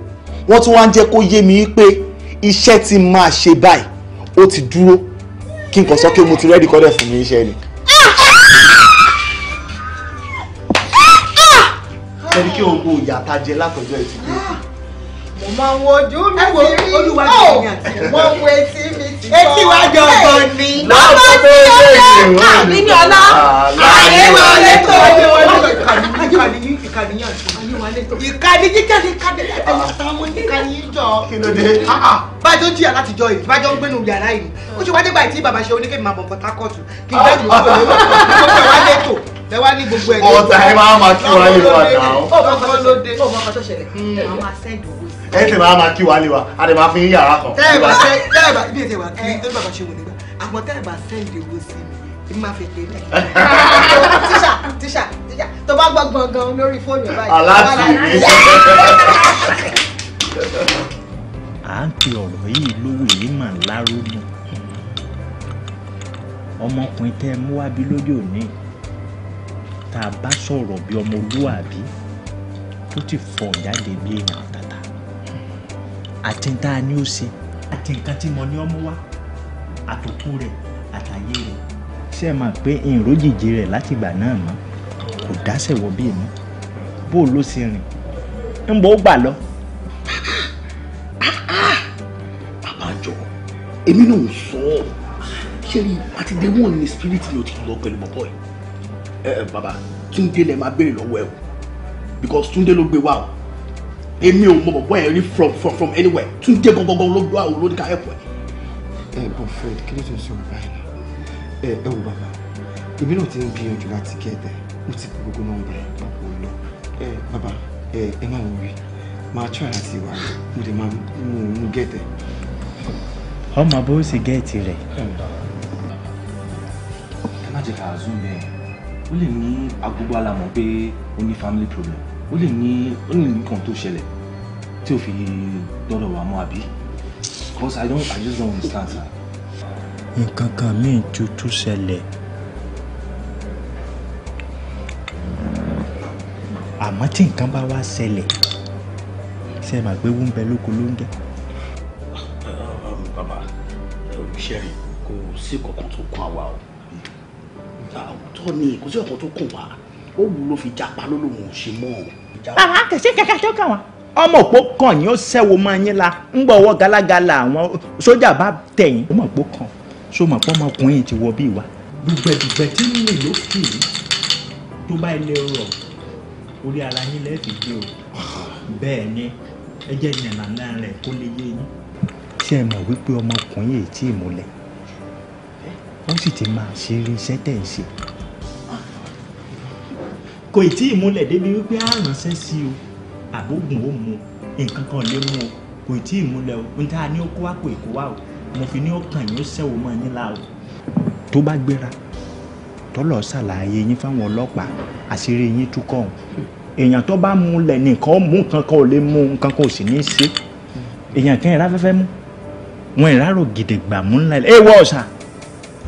wọ́n tún wá ń jẹ́ kó yé mi pé iṣẹ́ tí máa ṣe báyìí ó ti dúró kí n kàn sọ pé mo ti rẹ́dí kọ́lẹ̀ fún mi iṣẹ́ ni. ẹni kí òun kò yà tá a jẹ látọjọ́ ẹ ti dé. mo máa ń wojú mi wo olùwàjọ oh! mi àti mo wo etí mi ti kọ́ etí wa jọ gan ni. lọ́wọ́ tí ó lọ ní ọlá àríwá lẹ́tọ̀ọ́. ìkànnì yín ìkànnì yín ìkàdí jíjẹ́ ni ìkàdí àtẹ̀yìn àtàwọn ìkàdí jọ. kí ló dé. bájọ́ jìyà láti jọ yìí bájọ́ ń gbénu yàrá yìí ó ṣe wá nígbà tí bàbá ṣe oníkèmí máa bọ̀ Port Harcourt kí gbẹ́rù ló pẹ̀lú ọ̀rọ̀ lẹ́tọ̀ ẹ wá ní gbogbo ẹ̀. ọ̀tá ẹ máa máa kí wọ́n lè wà náà. ó mọ kọ́ ló dé ó mọ kọ́ tó ṣẹlẹ̀ àwọn hmm. àṣẹ́dùn ẹ tẹ máa máa kí wa lé wa a lè máa fi yín yàrá kan. tẹ́ ẹ bá sẹ́ tẹ́ ẹ bá bí ètò ìwà kiri tó ní bàbá ṣe wò nígbà àmọ́ tẹ́ ẹ bá sẹ́ǹdì owó sí mi ẹ máa fi pè é lẹ́yìn. tíṣà tíṣà tó bá gbọ́ gbọ̀ngàn lórí fóònù báyìí. aláàtì mi. à ń pe ọ̀rọ̀ yìí lówó èyí mà ń láró mu ọmọkùnrin tẹ mú wá bí lóde òní tá a bá sọ̀rọ̀ bí ọmọlúwàbí tó ti fọ̀ jáde bí èèyàn àtàtà àti tá a ní ó ṣe àti nǹkan tí mo ní ọmọ wá àtòkù rẹ̀ àtàyè rẹ̀ ṣe é máa pé èrò jìjì rẹ̀ látìgbà náà mọ́ kò dáṣẹ̀ wọ̀ bí èmi bó ló ṣe rìn ń bọ́ ó gbà lọ. bàbá jọ èmi náà ń sọ ọ ṣé rí àti day one ni spirit ló ti lọ pẹ̀lú bọ̀bọ̀ ẹ̀ ẹ ẹ bàbá túndé lẹ máa béèrè lọ́wọ́ ẹ o because túndé ló gbé wa o èmi ò mọ bọ̀bọ̀ ẹ̀ rí from from from anywhere túndé gangan ló gbé wa o ló ní ká ẹ̀ pọ̀ ẹ̀. ẹ bọ fred kí ló ti sọ báyìí ẹ ẹ wò bàbá èmi náà ti ń gbìyànjú láti gé ẹ bẹ́ẹ̀ mo ti pe gbogbo nọ́mbà ẹ papọ̀ lọ ẹ bàbá ẹ ẹ má wọrí máa try àti wà mo lè máa mú un gẹ̀tẹ̀. ọmọ bó ṣe gẹ̀ẹ́tì rẹ̀. ẹ má jẹ́ ká zoom bẹ́ẹ̀ ó lè ní agogo alamọ̀ pé ó ní family problem ó lè ní ó lè ní nǹkan tó ṣẹlẹ̀ tí ò fi dọ́dọ̀ wà mọ́ àbí because i don't i just don't understand. nǹkan kan míì tuntun ṣẹlẹ̀. àmọ́ tí nǹkan bá wá ṣẹlẹ̀ ṣe máa gbé wúńbẹ lóko ló ń gẹ. bàbá ṣẹ́rí kò sí kankan tó kún àwa o àwùjọ ni kò sí kankan tó kún wa ó wù ló fi jápa lólùmọ̀ ṣe mọ́ ọ. àwa kẹsí kẹkẹ tó kàn wá ọmọ òpó kàn yín ó ṣẹ́wó máa yín la ń gbọ́ ọwọ́ galagala àwọn sójà bá tẹ̀yìn ọmọ òpó kàn so mọ̀ pé ọmọkùnrin ti wọ bí wa. gbùgbẹ̀dùgbẹ̀ tí mi ló kì tó bá ilé rọ̀ orí ara yín lẹ́ẹ̀fì o bẹ́ẹ̀ ni ẹ jẹ́ ìyànnà rẹ̀ kó lè yé yín. ṣé ẹ mọ̀ wípé ọmọkùnrin yìí tí ì wọ́n sì ti máa ṣe eré iṣẹ́ tẹ̀ ń ṣe. kò ì tí ì débi wípé a ránṣẹ́ sí o àbógun ó mu nǹkan kan lè mú o kò ì tí ì múlẹ̀ o n ta ni ó kó wá kò kó wá o mo fi ní ó kàn yín ó ṣẹ́wó mọ́ yín láàrú. tó bá gbéra tọ́lọ̀ ṣàlàyé yín fáwọn ọlọ́pàá àṣírí yín túkọ̀ èèyàn tó bá múlẹ̀ nìkan mú nǹkan kan ò lè mú nǹkan kan ò sì ní í ṣe èèyàn mú wọn gidi gbà mú ńlá ẹ wọ ọ̀sà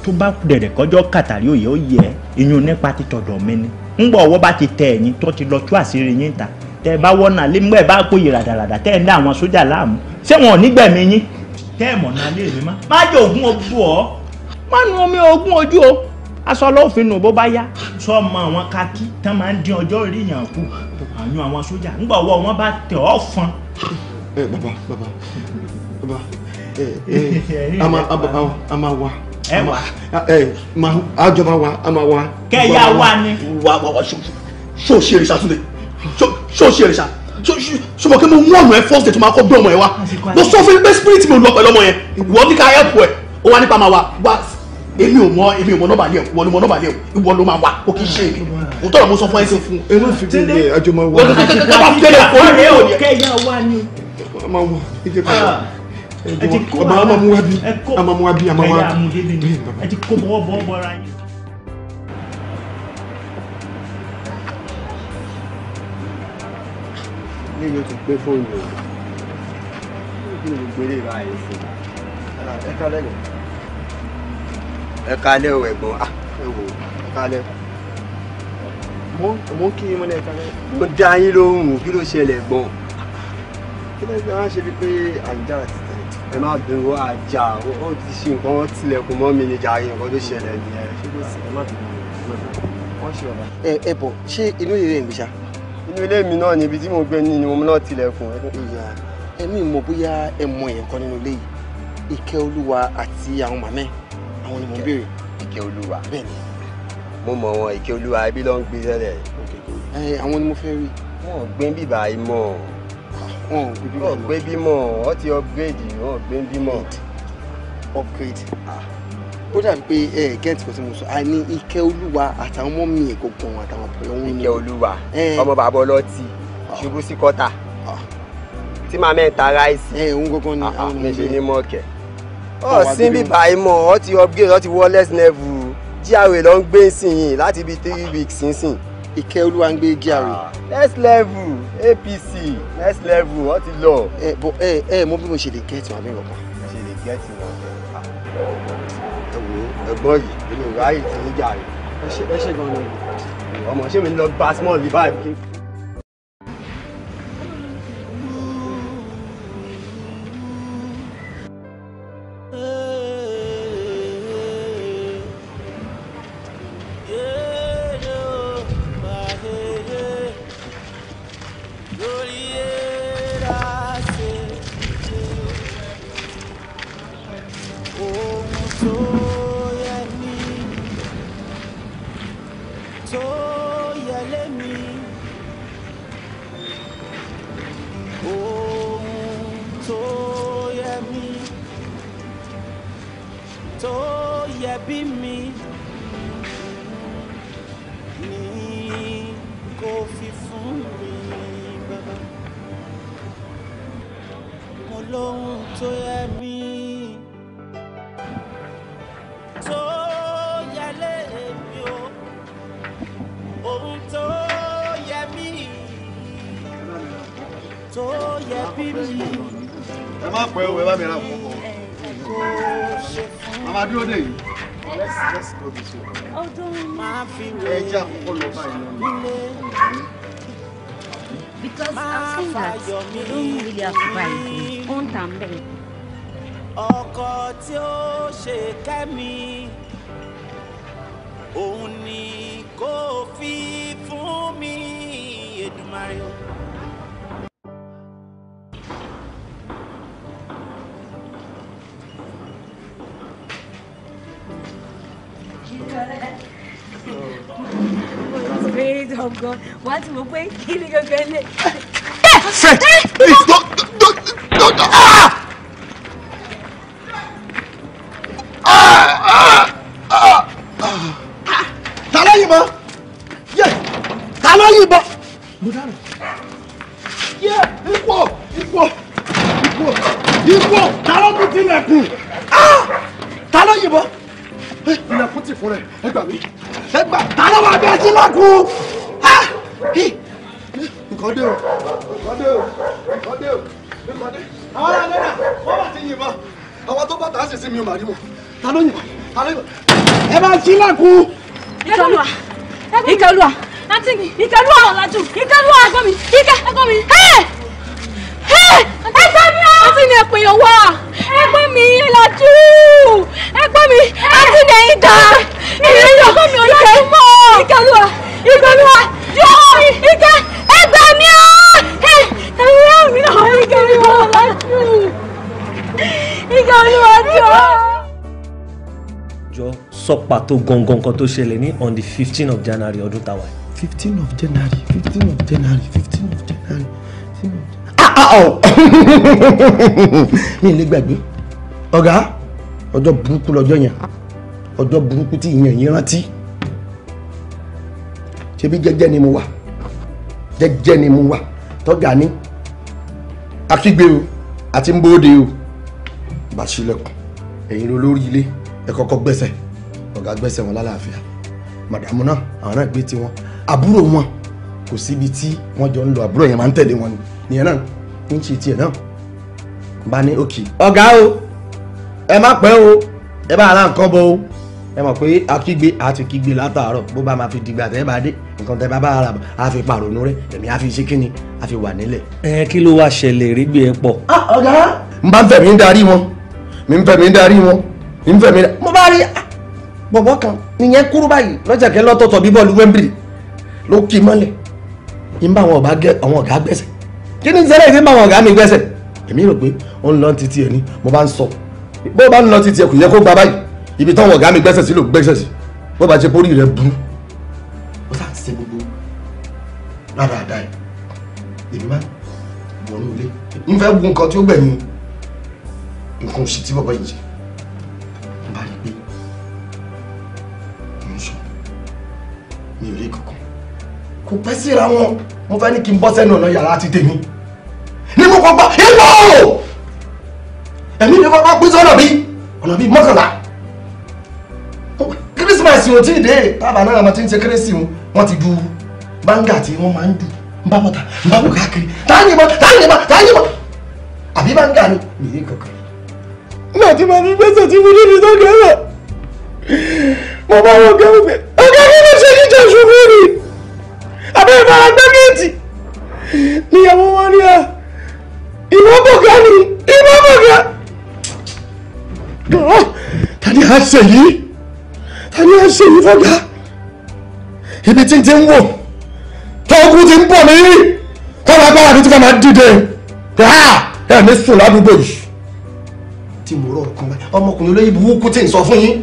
tó bá dẹ̀dẹ̀ kọjọ́ kàtàrí òye ó yẹ ti tọ̀dọ̀ mi ni ọwọ́ ti tẹ ẹ̀yìn tó ti lọ tú àṣírí yín tẹ ẹ bá wọ́nà lé bá kó yìí ràdàràdà ẹ àwọn sójà láàmú ṣé wọn ò aṣọ lófin nù bó bá yá. sọ ma àwọn kakí tán máa ń dín ọjọ́ rí yàn kú àyùn àwọn sójà ńgbà ọwọ́ wọn bá tẹ̀ ọ́ fọn. ẹ eh, bàbá bàbá bàbá ẹ eh, eh, *laughs* ẹ a máa wá ẹ wá ẹ máa àjọ máa wá a máa wá. kẹ́yà wá ni. wá wá wá ṣó ṣe èrìṣà túnde ṣó ṣe èrìṣà sọmọ kí mo mú ọ̀nà ẹ fọ́ọ̀sì tó máa kọ́ bí ọmọ ẹ wá mo sọ fún yín pé spirit mi ò lọ pẹ̀lú ọmọ yẹn wọ́n ní ká help ẹ ó wá nípa máa wá wá èmi ò mọ èmi ò mọ nọ́mbà lẹ ìwọ ló mọ nọ́mbà lẹ ìwọ ló máa wà ó kì í ṣe èmi mo tọrọ mo sọ fún ẹ sí fún. ẹ má fi bí ilé àjọ máa wà. kábà fi tẹ́lẹ̀ kó rẹ̀ ò kẹ́yà wà ní. ọmọ wọn ẹ jẹ káyà ọmọ ọmọ mu wa bi ọmọ mu wa wa bi. ẹ ti kó bọ́ọ̀ bọ́ọ̀ bọ́ra yóò ti pé fóònù rẹ̀ kí ni gbogbo eré ẹ ká lẹ́yìn ẹ kalẹ́ o ẹ̀gbọ́n ah ẹ wò ẹ kalẹ́ mo ń kí yín mo ní ẹ kalẹ́. mo dá yín lóhùn kí ló ṣẹlẹ̀ gbọ́n kí ló ṣe máa ṣe bíi pé àjà ẹ má dúró àjà ó ti ṣe nǹkan wọ́n tilẹ̀kùn mọ́ mi níjà yín nǹkan tó ṣẹlẹ̀ nìyẹn ṣé kò sí ẹ má dúró wọ́n ṣe ọ̀la. ẹ ẹ bọ̀ ṣé inú ìrẹ́ mi ṣá. inú ilé mi náà níbi tí mo gbé ní ni mo náà tilẹ̀kùn. ẹ̀mí mọ̀ bóyá ẹ mọ ẹ̀kan nínú ilé yìí ìkẹ́ olúwa àti àwọn màmá àwọn ni mò ń béèrè. ìkẹ́ olúwa bẹ́ẹ̀ni. mo mọ̀ wọn ìkẹ́ olúwa ibi ló ń gbé tẹ́lẹ̀. àwọn ni mo fẹ́ rí. wọn ò gbé bíbá yìí mọ́ wọn ò gbé bíbá yìí mọ́ wọn ò gbé bímọ ọ ti upgrade wọn ò gbé bímọ. upgrade ó dàbí pé ẹ gẹ́ǹtì kan tí mo sọ a ní ìkẹ́ olúwa àtàwọn ọmọ mi èkó gan àtàwọn ọmọ mi. ìkẹ́ olúwa ọmọ bàbá ọlọ́tì ṣubú sí kọ́tà tí màmá ẹ̀ ta ráìsì. ẹ òun gangan ni àwọn ọmọ mi. àmì ṣe ní mọ́ọ̀kẹ́ ọ sí bí báyìí mọ ọ ti upgrade ọ ti wireless level gra ló ń gbé nsìnyìn láti ibi three weeks sínsìn. ìkẹ́ olúwa ń gbé gra. Ah, next level apc next level ọ ti lọ. ẹ bọ ẹ ẹ mo bí mo ṣe lè gẹ́ẹ̀tì wọn lẹ́yìn ọkàn. mo ṣe lè gẹ́ẹ̀tì wọn. Ah. ẹ wo ẹ̀gbọ́n yìí èmi ò ráyè tí ń jà rẹ. ẹ ṣe gan-an ni. ọmọ ṣé mi lọ bá small revive. ra ọkọ. Màmá dúró dè yìí. Ẹ àkọ́kọ́ lọ báyìí lọ́nà. Because I'm saying that you don't really have to buy it. Own time, babe. Ọkọ tí ó ṣe kẹ́mi, òun ni kò fi fún mi, Èdùmàrè. gan wàá ti wò pé kí ni gangan lè pàtó gangan kan tó ṣẹlẹ̀ ní on the fifteen of january ọdún táwa fifteen of january fifteen of january fifteen of january fifteen of january. Ah, ah, oh! *laughs* mi ò lè gbàgbé ọ̀gá ọjọ́ burúkú lọ́jọ́ yẹn ọjọ́ burúkú tí ìyẹn yẹn rántí ṣebí jẹ́jẹ́ ni mo wà jẹ́jẹ́ ni mo wà tọ́gà ní akígbe o àti ń o bá ṣílẹ̀kùn ẹ̀yin olórí ilé ẹ kọ́kọ́ gbẹ́sẹ̀ ọ̀gá gbẹ́sẹ̀ wọn lálàáfíà màdàmú náà àwọn náà gbé tiwọn àbúrò wọn kò síbi tí wọ́n jọ ń lọ àbúrò yẹn máa ń tẹ̀lé wọn ni nìyẹn náà ń ṣe tiẹ̀ náà bá ní òkè. ọ̀gá o ẹ má pẹ́ o ẹ bá ara nǹkan bọ o ẹ mọ̀ pé akígbe àti kígbe látàárọ̀ bó bá máa fi dìgbà tẹ́ bá dé nǹkan tẹ́ bá bá ara a fi pàrònú rẹ èmi á fi ṣe kíni á fi wà nílẹ̀. ẹ kí ló wàá ṣẹlẹ̀ rí bí ẹ pọ̀. ọ̀gá n bá ń fẹ̀mí darí wọn mi ń fẹ̀mí darí wọn mi ń fẹ̀mí darí mo bá rí bọ̀bọ̀ kan nìyẹn kúrú báyìí lọ́jàkẹ́ lọ́tọ̀ọ̀tọ̀ bí bọ́ọ̀lù wembley ló kì í mọ́lẹ̀ ń bá àwọn ọ̀gá gbẹ̀sẹ̀ kí ni sẹ́lẹ̀ ìdí ń bá àwọn ọ̀gá mi gbẹ̀sẹ̀ èmi rò pé ó ń lọ títí ẹ̀ ní mo bá ń sọ bó o bá ń lọ títí ẹ̀ kò yẹ kó gba báyìí ibi táwọn ọ̀gá mi gbẹ́sẹ̀ sí ló gbẹ́sẹ̀ sí bó o bá ṣe pórí rẹ̀ burú ó sá ṣe gbogbo rárá àdá ẹ̀ èmi má wọnú ń fẹ́ gun kò pẹ́ síra wọn mo fẹ́ ní kí n bọ́ sẹ́nu ọ̀nà yàrá ti tèmi ní mo kò gbọ́ ìwọ ẹ̀mí mi kọ́kọ́ pín sọ́nà bíi ọ̀nà bíi mọ́kànlá kírísímàsì ò tí ì dé bàbá náà mo ti ń ṣe kérésì wọn ti du báńgà tí wọ́n máa ń dù ń bá bọ́ta ń bá bọ̀ káàkiri táyìnbọn táyìnbọn táyìnbọn àbí báńgà ni nìyí kankan. náà tí màá fi gbèsè tí mo níbi tó kẹ́rọ̀ mo bá wọ gẹ́gẹ́ ọ̀gá mi ló ṣe ní ṣubú ni àbí ìfara gbẹ́gẹ́ẹ̀tì níyàwó wọn ní à ìwọ́n bọ̀gá ni ìwọ́n bọ̀gá. gbọ́n tani à ń ṣe yìí tani à ń ṣe yìí fọ́gá ibi tí n ti ń wò tọ́kù ti ń bọ̀ mí tọ́lá agbára mi ti ká máa dìde ẹ̀ ní sùn ládùúgbò yìí tí mo rọ ọkàn báyìí ọmọkùnrin olóyè burúkú tí ń sọ fún yín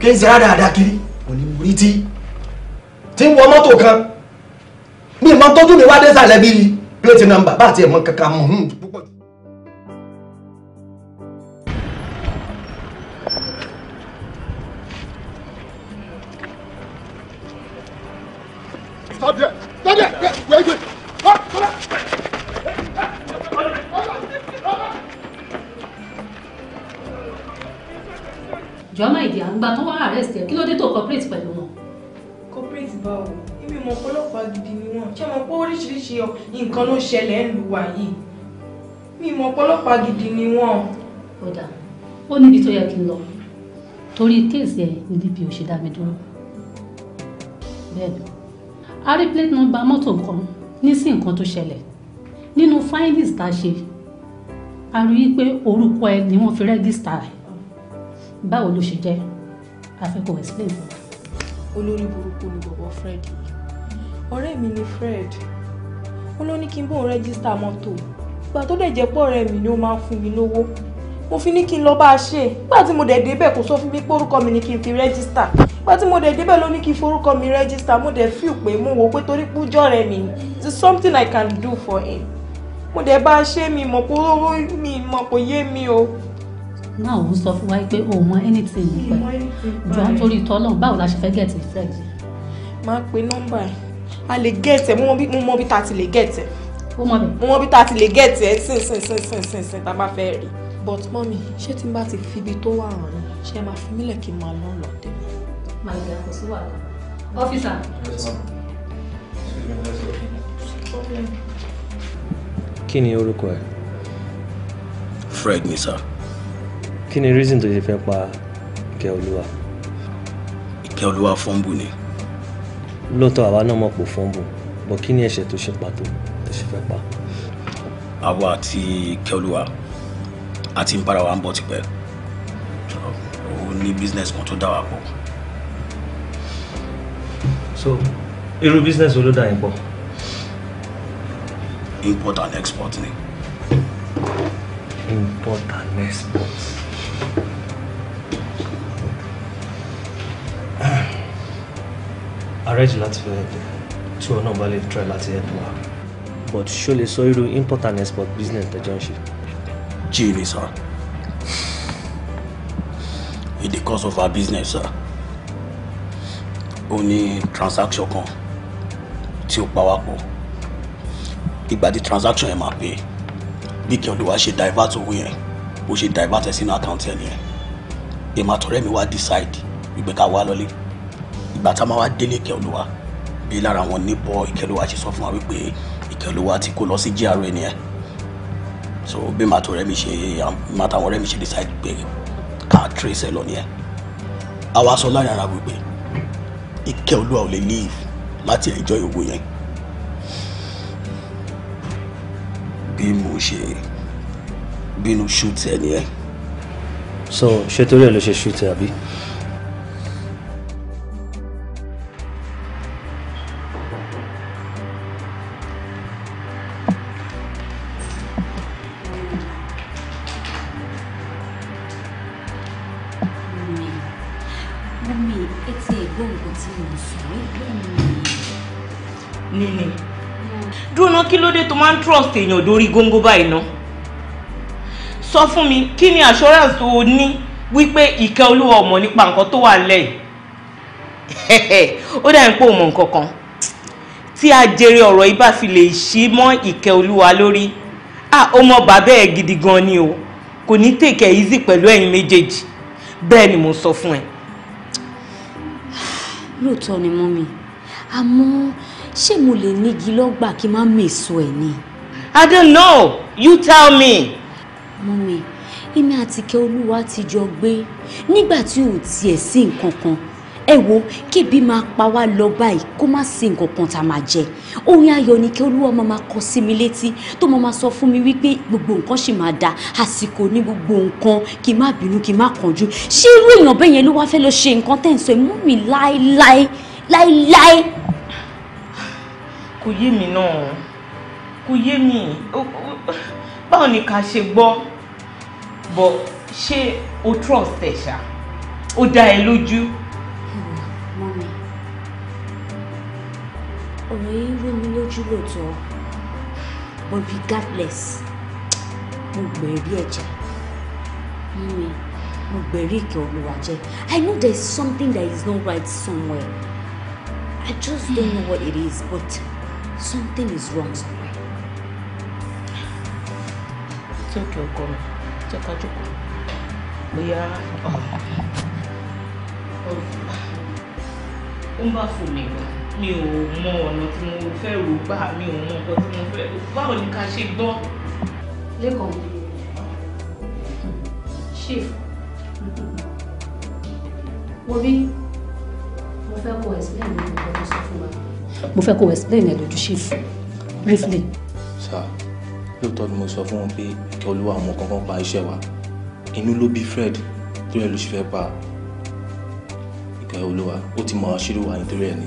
kí n ṣe rádaràda kiri òní mo rí tí tí ń wọ mọ́tò kan mi mọ tọ́jú mi wá dé sàlẹ̀ bíi plate number bá àti ẹ̀mọ kankan mọ̀ hmm. nǹkan ló ṣẹlẹ̀ ń lu wa yìí mi mọ̀ ọ̀pọ̀lọpàá gidi ni wọ́n. ó dà ó níbi tó yẹ kí n lọ torí kéèsì ẹ ní dp ò ṣe dá mi dúró bẹ́ẹ̀ ni a rí plate number mọ́tò kan ní sí nǹkan tó ṣẹlẹ̀ nínú findings a ṣe a rí i pé orúkọ ẹ ni wọ́n fi rẹ́gísítà ẹ̀ báwo ló ṣe jẹ́ àfikún explain olórí burúkú ni bọ̀bọ̀ Fred ọ̀rẹ́ mi ni Fred ó ló ní kí n bóun rẹ́gísítà mọ́tò ìgbà tó dẹ̀ jẹ́ pọ̀ ọ̀rẹ́ mi ni ó máa ń fún mi lówó mo fi ní kí n lọ bá a ṣe nígbà tí mo dẹ̀ débẹ̀ kò sọ fún mi pé orúkọ mi ni kí n fi rẹ́gísítà nígbà tí mo dẹ̀ débẹ̀ ló ní kí n forúkọ mi rẹ́gísítà mo dẹ̀ feel pé mo wò pé torí pújọ́ rẹ̀ mi it's something I can do for him mo dẹ̀ bá a ṣe mi mọ̀ pé owó mi mọ̀ kò yé mi o náà òun sọ fún wa pé òun mọ anything nípa ẹ jọ nítorí tọ́lọ̀ báwo la ṣe fẹ́ get a friend. máa pe nọ́mbà ẹ̀ a lè gẹ̀tẹ̀ mo mọ bí ta ti lè gẹ̀tẹ̀ mo mọ bí ta ti lè gẹ̀tẹ̀ sìn sìn sìn sìn sìn sìn tá bá fẹ́ rí. but mọ́mí ṣé tí n bá ti fi ibi tó wà hàn yín ṣé ẹ máa fi mílẹ̀ kí n máa lọ́ lọ tẹ̀. màá yẹ kó sí wàhálà ọ́fíìsà. kí ni orúkọ ẹ. Fred ni sir. kí ni reason tó ṣe fẹ́ pa Ìkẹ́olúwa. Ìkẹ́olúwa fọ́nbù ni lóòótọ́ àwa náà mọ̀ pò fọ́nbù bọ̀ kí ni ẹ̀ṣẹ̀ tó ṣe pàtó tó ṣe fẹ́ pa. àwa àti kẹolúwa àti ń bára wa ń bọ̀ tipẹ́ òun ní business kan tó dá wa pọ̀. so irú business wo ló dá yín pọ̀. import and export ni. import and export. arrange láti fi help tí wọn náà bá lè try láti help wa. but ṣó lè sọ irú import and export business tẹjọ ń ṣe. jimmy sir in the course of our business sir ó ní transaction kan tí ó pa wá pọ̀ ìgbà tí transaction yẹn máa pé bí kí olùwà ṣe divert owó yẹn bó ṣe divert ẹ̀ sínú àkáǹtì ẹ̀ nìyẹn èèmọ̀ àtọ̀rẹ́ mi wá decide ìgbé ká lọ́lé ìgbà tá a máa wá délé ìkẹ́olúwa bí lára àwọn níbọ̀ ìkẹ́olúwa ṣe sọ fún wa wípé ìkẹ́olúwa ti kó lọ sí GRA nìyẹn so bí màtò rẹ mi ṣe màtà àwọn ọ̀rẹ́ mi ṣe decide pé ká trace ẹ lọ nìyẹn àwa sọ láàrin ara wípé ìkẹ́olúwa ò lè leave láti ẹjọ́ ìwò yẹn bí mo ṣe bínú shoot ẹ nìyẹn. so ṣé torí ẹ ló ṣe shoot àbí. trust èèyàn dórí góńgó báyìí ná sọ fún mi kí ni assurance tó o ní wípé ìkẹ́ olúwa ọmọ nípa nǹkan tó wà lẹ́yìn *laughs* ó dà ń pò mọ̀ nǹkan kan tí ajere ọ̀rọ̀ yìí bá fi lè ṣí mọ́ ìkẹ́ olúwa lórí ó bàbá ẹ̀ gidi gan ni o kò ní take it easy pẹ̀lú ẹ̀yin méjèèjì bẹ́ẹ̀ ni mo sọ fún ẹ. lóòótọ́ ni mọ́mí àmọ́ ṣé mo lè nígi lọ́gbà kí n má mèso ẹ̀ ni. I don't know. You tell me. Mummy, èmi àti Kẹ́ Olúwa ti jọ gbé nígbà tí ò tiẹ̀ sí nǹkan kan. Ẹ wo kébi máa pa wá lọ báyìí kó má sí nǹkan kan tá a máa jẹ. Orin ayọ̀ ni Kẹ́ Olúwa máa máa kọ sí mi létí tó máa máa sọ fún mi wípé gbogbo nǹkan ṣì máa da àsìkò ní gbogbo nǹkan kí n má bínú kí n má kánjú. Ṣé irú èèyàn bẹ́ẹ̀ yẹn ló wá fẹ́ lọ ṣe nǹkan tẹ̀ ń sọ ìmú mi láéláé láéláé. Kò yé mi náà kò yé mi báwo ni ká ṣe gbọ́ bọ̀ ṣé o trust ẹ̀ ṣá ó dá ẹ lójú. mọ́mi ọ̀rọ̀ yìí rú mi lójú lóòótọ́ but regardless mo gbẹ̀rí ẹ̀jẹ̀ mọ́mi mo gbẹ̀rí ìkẹ́ olúwa jẹ́ I know there is something that is not right somewhere I just don't know what it is but something is wrong somewhere. sí òkè ọkọ mi jẹ́ ká jókòó bóyá ó ń bá fò mí gbà mi ò mọ ọ̀nà tí mo fẹ́ rò gbà mi ò mọ nǹkan tí mo fẹ́ rò báwo ni ká ṣe gbọ́. lẹ́kọ̀ọ́ ṣe wo bí mo fẹ́ kó explain ní nǹkan tó sọ fún wa. mo fẹ́ kó explain ẹ̀ lójú ṣèfù briefly. sáà lóòótọ́ ni mo sọ fún wọn pé olúwa mọ̀ kankan pa iṣẹ́ wa inú ló bí Fred torí ẹ ló ṣe fẹ́ pa ìkẹ́ olúwa ó ti mọ àṣírí wa nítorí ẹ ni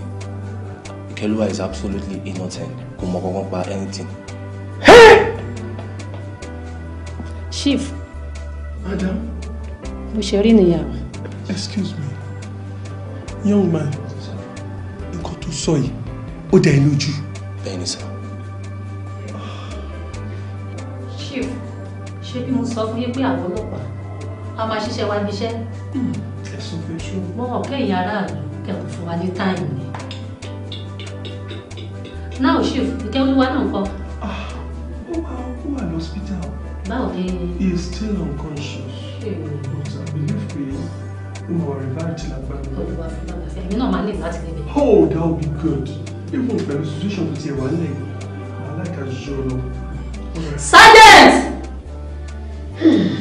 ìkẹ́ olúwa is absolutely innocent kò mọ̀ kankan pa anything. chief. madam. mo ṣe rí nìyàwó. excuse me young man nǹkan tó sọ yìí ó dá ẹ lójú. bẹ́ẹ̀ ni sir. ṣé bí mo sọ fún yín pé àwọn ọlọ́pàá a máa ṣiṣẹ́ wa níṣẹ́ ṣùgbọ́n ọ̀kẹ́yìn aráàlú kẹ̀kọ́ fún wa ní táìmù ni náà chief ǹkẹ́ olúwa náà kọ́. Ah, ó wà ó wà lọ́sítà. báwo ni. he is still unconscious. but I believe pé ó máa revive till agbára. olùwà fún bàbá fẹ́ mi náà máa lè láti níbẹ̀. oh that would be good even pẹ̀lú situation tó ti wà nílẹ̀ yìí i like as you know. sergeant. Ẹ kú ìjókòó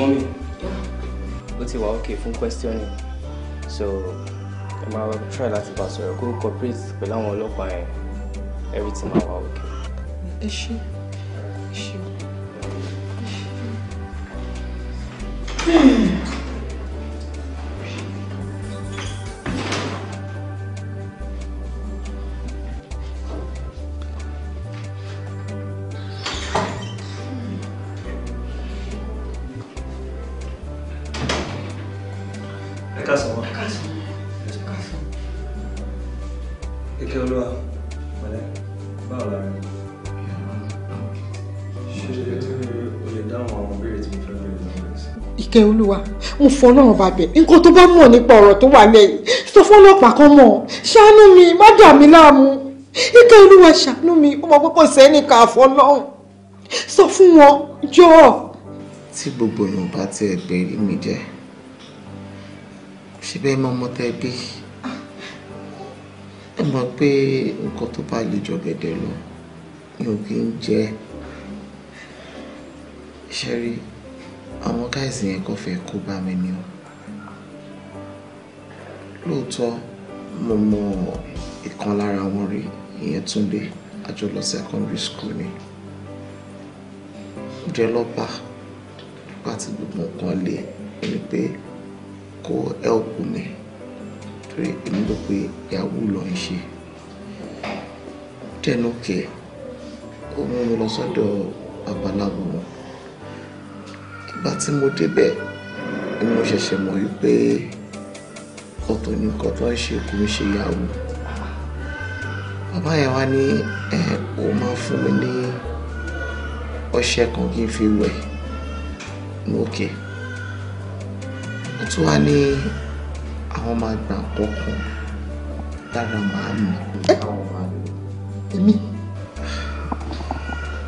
mọ́mí. Ó ti wà okay fún questioning. So ẹ máa try láti bá sọ̀rọ̀ kó cooperate pẹ̀lú àwọn ọlọ́pàá yẹn. Everything I'm wà okay. Ẹ ṣé. She. ṣé. kíkẹ́ olúwa mo fọlọ́run bàbẹ̀ nǹkan tó bá mọ̀ nípa ọ̀rọ̀ tó wà lẹ́yìn sọ fọlọ́pàá kan mọ̀ ṣàánú mi má dà mí láàmú kíkẹ́ olúwa ṣàánú mi ó mọ pé kò sẹ́nìkan àfọlọ́run sọ fún wọn jọ̀ọ́. tí gbogbo èèyàn bá ti ẹgbẹ́ rí mi jẹ́ ṣe bẹ́ẹ̀ mọ́ mọ́tẹ́ bí ẹ mọ̀ pé nǹkan tó bá lè jọ gẹ̀dẹ̀ lọ mi ò kí ń jẹ́ ṣẹ́rí àwọn gáìsì yẹn kò fẹ́ kó bá mi ni o lóòótọ́ mo mọ ìkan lára wọn rí ìyẹn Túndé àjọlọ secondary school ni jẹ lọ́ba nígbà tí gbogbo nǹkan lé ẹni pé kó help mi torí èmi rò pé yahoo ló ń ṣe dẹnu kẹ ó mú mi lọ sọ́dọ̀ babaláwo wọn ìgbà tí mo débẹ̀ ni mo ṣẹ̀ṣẹ̀ mọ̀ wípé ọ̀tọ̀ ní nǹkan tó ń ṣe kò ń ṣe ìyàwó bàbá yẹn wá ní ẹ ò máa fún mi ní ọṣẹ kan kí n fi wẹ̀ ní òkè ó tún wá ní àwọn máa gbà kọkàn lára màámi. èmi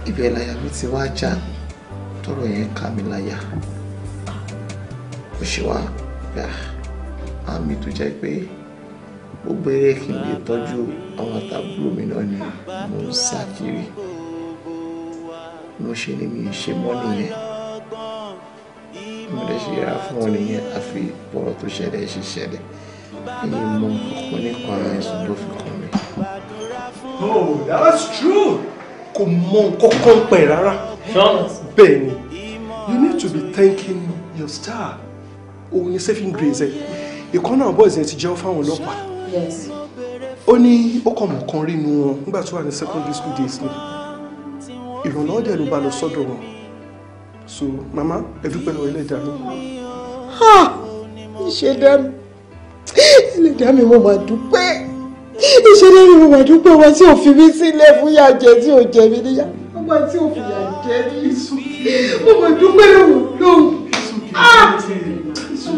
ìbẹ̀rẹ̀ àyà mi ti wá já tọrọ yẹn ká mi láyà ó ṣe wá gbà àmì tó jẹ́ pé ó bẹ̀rẹ̀ kí n lè tọ́jú àwọn àtàbúrò mi náà ni mo ń sá kiri mo ṣe ni mi ṣe mọ́ nìyẹn mo lè ṣe yẹra fún wọn nìyẹn àfi bọ̀rọ̀ tó ṣẹlẹ̀ ṣe ṣẹlẹ̀ èyí mọ ọkàn nípa ara ẹ̀sùn tó fi kàn mí. no that's true kò mọ nǹkan kan pẹ̀ rárá bẹ́ẹ̀ ni you need to be thanking your star òun ni saving grace ẹ ìkànnà boys yẹn ti jẹ́ fáwọn ọlọ́pàá ó ní ó kàn mọ̀kan rí nu wọn nígbà tó wà ní secondary school days ni ìrànlọ́wọ́ dẹ̀ ló bá lọ sọ́dọ̀ wọn so mama ẹdúpẹ́ lọ ilé ìdáná. ìṣẹ̀dá mi ẹlẹ́dàá mi mo máa dúpẹ́ ìṣẹ̀dá mi mo máa dúpẹ́ wọn tí ò fi mí sílẹ̀ fún ìyà jẹ tí ò jẹ mí níyà wọn tí ò fi ìyà jẹ mí sùn mo mà dúpẹ́ lóhùn lóhùn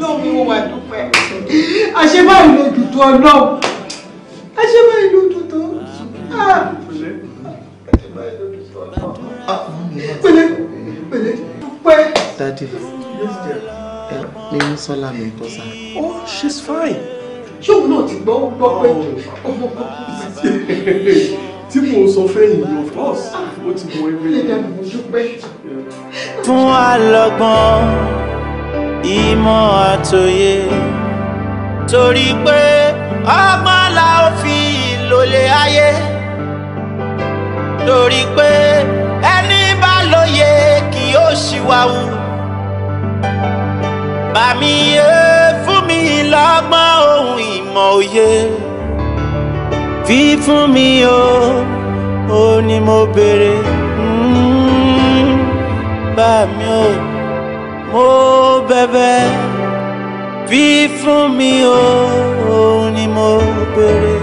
lóhùn mo mà dúpẹ́ àṣẹ báyìí ló dùn tó ọlọ́run àṣẹ báyìí ló dùn tó pẹ̀lẹ́ pẹ̀lẹ́ dúpẹ́. dadi ni Bísọ́lá mi bọ́ sá. oh she's fine. ṣé òun náà ti gbọ́ gbọ́ pé ọmọ kan kò sí tí mò ń sọ fẹ́ yìí of course ah. ó ti mọ ewé. fún alọ́gbọ́n ìmọ̀ àtòyé torí pé ọgbọ́n la ó fi lólè ayé torí pé ẹni bá lóye kì yóò ṣìwàwù bàmí yé fún mi lọ́gbọ́n ohun ìmọ̀ òye fi fún mi o ó ní mo béèrè hmm, bá mi o mo bẹ̀bẹ̀ fi fún mi o ó ní mo béèrè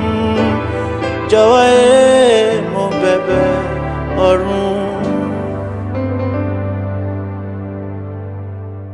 hmm, jọ̀wọ́ ẹ e, mo bẹ̀bẹ̀ ọ̀run.